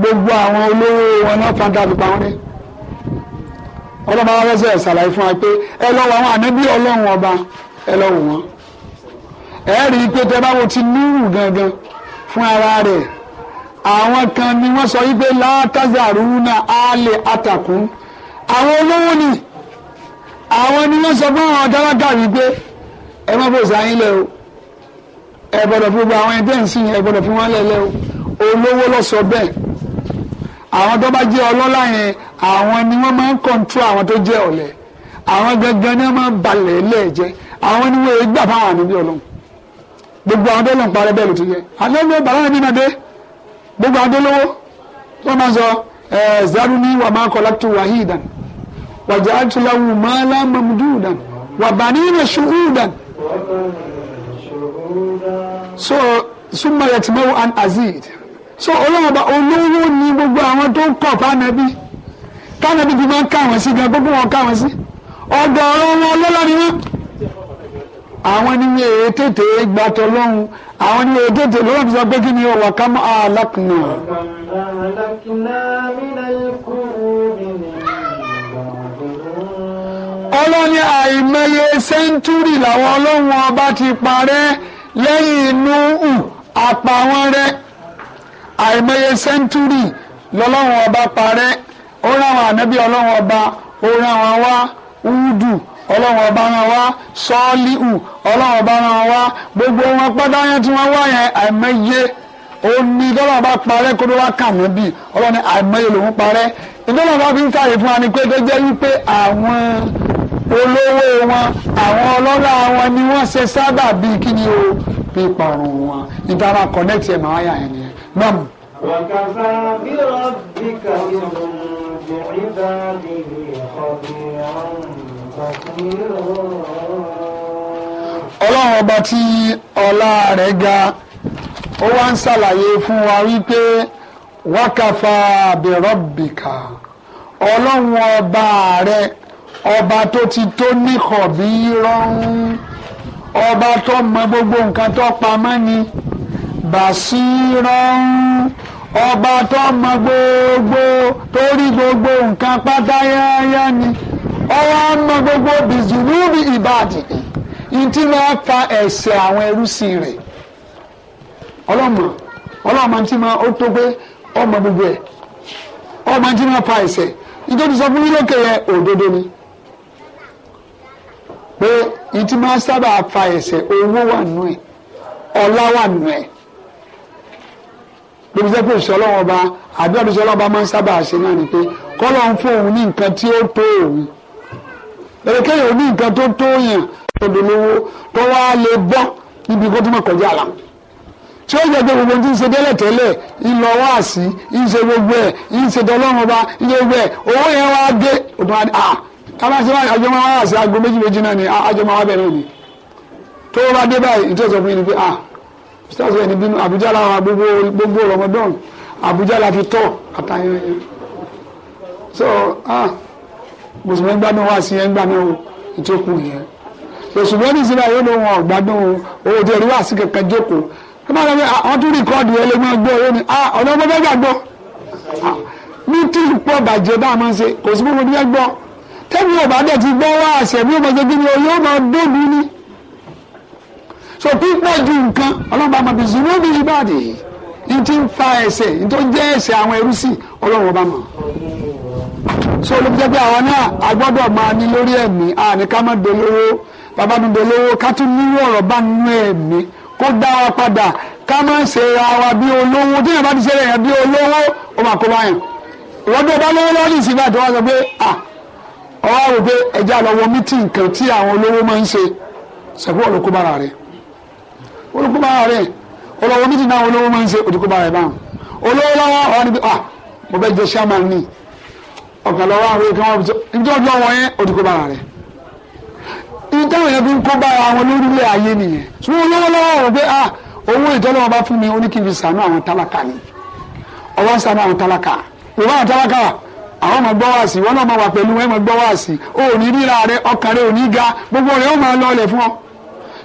gbogbo àwọn olówó wọn náà fún dábì pa wọn ní. ọlọ́ba wa fẹsẹ̀ ṣàlàyé fún wa pé ẹ lọ wo àwọn ànábì ọlọ́run ọba ẹ lọ wò wọ́n ẹ rí i pé tẹ bá wo ti núrù gangan fún ara rẹ̀ àwọn kan ni wọ́n sọ yí pé látàzàrú náà á lè àtàkùn àwọn olówó ni àwọn ni wọ́n sọ fún àwọn tálákà wípé ẹ má bòsà yín lẹ o ẹ gbọ́dọ̀ fi gbogbo àwọn ẹgbẹ́ ìsìn ẹ gbọ́dọ̀ fi wọ́n lẹ́lẹ́ o olówó lọ sọ bẹ́ẹ̀ àwọn tó bá jẹ́ ọlọ́lá yẹn àwọn ni wọ́n máa ń kọ́ńtró àwọn tó jẹ́ ọ̀lẹ àwọn gangan ni wọ́n máa ń balẹ̀ lẹ́ẹ̀jẹ́ àwọn ni wọ́n gbà fáwọn àníbí ọlọ́run gbogbo àwọn tó lọ ń parẹ́ bẹ́ẹ̀ ló ti yẹ àlọ́lọ́ bàbá mi náà dé gbogbo àwọn tó lówó wọ́n máa sọ ẹ̀ zadu ni wàá máa kọ́ láti wàhíì dànù وجعلت له مالا ممدودا وبنين شهودا so summa yatimawu an so ọlọ́run ọba olówó ni gbogbo àwọn tó ń kọ̀ fánàbí fánàbí ti máa ń káwọn sí gan gbogbo wọn káwọn sí ọ̀dọ̀ ọ̀rọ̀ wọn ọlọ́lọ́rin wọn àwọn ní èyí tètè gbàtọ̀ lọ́hùn àwọn ní èyí tètè lọ́wọ́ fi sọ pé kí ni ọ̀wà ká máa lákùnà. mi. ọlọ́ni àìmọye sẹ́ńtúrì làwọn ọlọ́run ọba ti parẹ́ lẹ́yìn inú hù apá wọn rẹ́ àìmọye sẹ́ńtúrì lọ́lọ́run ọba parẹ́ ó ráwọn ànábì ọlọ́run ọba ó ráwọn wá húdù ọlọ́run ọba rán wá sọ́ọ́líhù ọlọ́run ọba rán wá gbogbo wọn pátá yẹn tí wọ́n wá yẹn àìmọye omi dọ́là bá parẹ́ kó ló wá kà mí bí ọlọ́ni àìmọye lòún parẹ́ ìdọ́là fi ń sáré fún wa ni pé tó jẹ́ wípé àwọn olówó wọn àwọn ọlọ́lá wọn ni wọ́n ṣe sábà bíi kí ni o bí parun wọn níta máa connect ẹ̀ máa yà yẹn nìyẹn náà. wàkàfà bí rọ́bì kàwé bìrì bá mi ọ̀bì ọ̀hún ọlọ́run ọba tí ọlá rẹ̀ ga ó wá ń ṣàlàyé fún wa wípé wákàfà bìrọ̀bìkà ọlọ́run ọba rẹ̀ ọba tó ti tó ní kọ̀bírọ́hún ọba tó mọ gbogbo nǹkan tó pamọ́ ni bàṣírọ́hún ọba tó mọ gbogbo tó rí gbogbo nǹkan pátá ni ọwọ́ mọ gbogbo bìzùlùmí ìbàdí ìtí máa fa ẹ̀ṣẹ̀ àwọn ẹrú sí rẹ̀ ọlọ́mọ pé ọmọ gbogbo ẹ̀ ọmọ tí máa fa ìtòtí pé ìtí máa sábà fa ẹ̀ṣẹ̀ owó wà nù ẹ̀ ọlá wà nù ẹ̀ lóbi jẹ́ pé òṣìṣẹ́ ọlọ́wọ́ ọba àdúrà òṣìṣẹ́ ọlọ́wọ́ ọba máa ń sábà ṣe náà ni pé kọ́lọ́ ń fún òun ní nǹkan tí ó tó òun bẹ̀rẹ̀ kéèyàn ò ní nǹkan tó tó yàn tó dolówó tó wá lè bọ́ níbi kó tó mọ̀ kọjá àlà tí ó yẹ pé gbogbo tí ń ṣe tẹ́lẹ̀ tẹ́lẹ̀ ń lọ wá sí ń ṣe gbogbo ẹ̀ ń ṣe tọ́lọ́run ọba ń ṣe gbogbo ẹ̀ owó yẹn wá dé òtún wá dé ah kábàáṣe báyìí àjọ máa wá sí aago méjì méjì náà ni àjọ máa wá bẹ̀rẹ̀ òní tó o bá dé báyìí ìtòsọ fún yín pé ah sítáàsì ẹni bínú àbújá làwọn gbogbo gbogbo rọmọdún àbújá la fi tọ àtàyàn yẹn so ah mùsùlùmí gbádùn wa si yẹn gbádùn o ìtòkù yẹn òṣùwọ́n ní sinmi àyẹ̀wò wọn gbádùn o òde ìrú àti kankan jókòó ẹ bá ah àwọn tó rìkọ́ọ̀dù ẹ lè gbọ́ owó ni ah ọ̀nà ọmọ bẹ́ẹ̀ gbàgbọ́ mítìrì pọ̀ bàjẹ́ bá a máa ń ṣe kò sí gbogbo ní ẹ gbọ́ tẹ́mi ò bá dẹ̀ ti gbọ́ wá àṣẹ bí ó máa ṣe gbé yóò máa dóbi ni so pípọ̀ ju nǹkan ọlọ́run bá máa bí zùnú bí ìbàdí ní ti ń fa ẹ̀ṣẹ̀ ní tó jẹ́ ẹ̀ṣẹ̀ àwọn ẹrú sí ọlọ́run ọba mọ̀ so ló jẹ́ pé àwọn náà a máa ní lórí ẹ̀mí àní ká má dolówó bàbá mi dolówó ká tún ní ọ̀rọ̀ bá nínú ẹ̀mí kó dá wa padà ká má ṣe ra bí olówó tí yàrá bá ti ṣe ra bí olówó ó máa kó báyàn ìwọ́n bá lówó lọ́ọ́ ọwọ́ rò pé ẹja lọ́wọ́ mítìn kan tí àwọn a máa ń ṣe ṣàkóso olùkóbára rẹ̀ olùkóbára rẹ̀ olówó mítìn náà olówó níbi ah mo jẹ chairman ni ọ̀gá lọ́wọ́ àwọn èèyàn kan wọn wọn ayé nìyẹn ah owó ìtọ́lọ́wọ́ bá fún mi sànú àwọn ni ọwọ́ sànú àwọn ọmọ wọn náà máa wà pẹ̀lú wọn máa o ríra rẹ ọkàn rẹ gbogbo rẹ ó máa lọ fún ọ.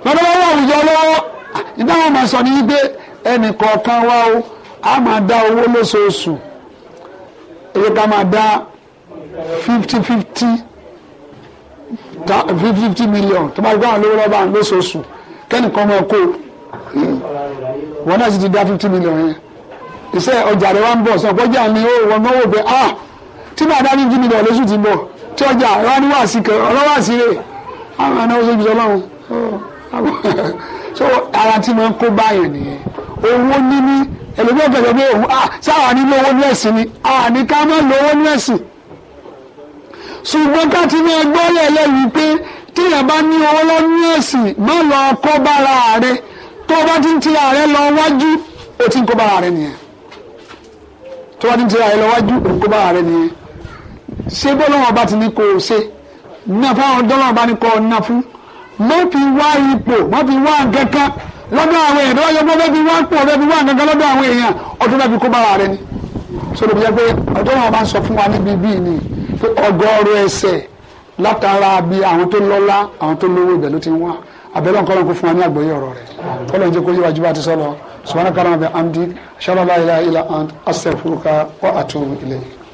lọ́dọ̀ bá wà àwùjọ lọ́wọ́ ìdáhùn máa sọ ní wípé ẹnì kọ̀ọ̀kan o a máa dá owó lóṣooṣù èyí ká máa dá fifty fifty fifty million tó bá gbọ́ àwọn olówó wọn náà sì ti dá fifty million yẹn iṣẹ́ ọjà rẹ wá ń bọ̀ sọ tí bàdá ní jí mi bọ̀ lóṣù tí bọ̀ tí ọjà ọlọ́wà ní wàásì kan ọlọ́wà sí rè àwọn àna oṣù jùlọ lọ́hùn so ara tí wọ́n kó báyọ̀ nìyẹn owó níní ẹlòmíràn kẹsàn pé òun ah sáwà ní lówó ní ẹ̀sìn ni ah ní ká má lówó ní ẹ̀sìn ṣùgbọ́n ká ti ní ẹgbẹ́ ọ̀lẹ́lẹ́ yìí pé tíyẹ̀ bá ní owó lọ́ní ẹ̀sìn má lọ kó bára rẹ tó bá ti ń tira rẹ lọ wájú ó ti ń kó bára rẹ nìyẹn tó bá ti ń tira rẹ lọ wájú ó ti ń kó bára rẹ nìyẹn ṣé bọ́lọ́wọ́ bá ti ní kó o ṣe ná fáwọn dọ́lọ́wọ́ bá ní kó o ná fún mọ́ fi wá ipò mọ́ fi wá kankan lọ́dọ̀ àwọn èèyàn lọ́dọ̀ yọgbọ́n bẹ́ẹ̀ fi wá pò bẹ́ẹ̀ fi wá kankan lọ́dọ̀ àwọn èèyàn ọdún bẹ́ẹ̀ fi kó bára rẹ ni sọ́dọ̀ bí yẹ pé ọjọ́ wọn bá ń sọ fún wa níbi bíi ni pé ọgọ́rùn ẹsẹ̀ látara bí àwọn tó lọ́lá àwọn tó lówó ibẹ̀ ló ti ń wá abẹ́lẹ́ nǹkan lọ́nkọ́ fún wa ní àgbọ́yé ọ̀rọ̀ rẹ̀ kọ́lọ́ jẹ́ kó wájú bá ti sọ́lọ subhanaka shalala ilaha illa ant astaghfiruka wa atubu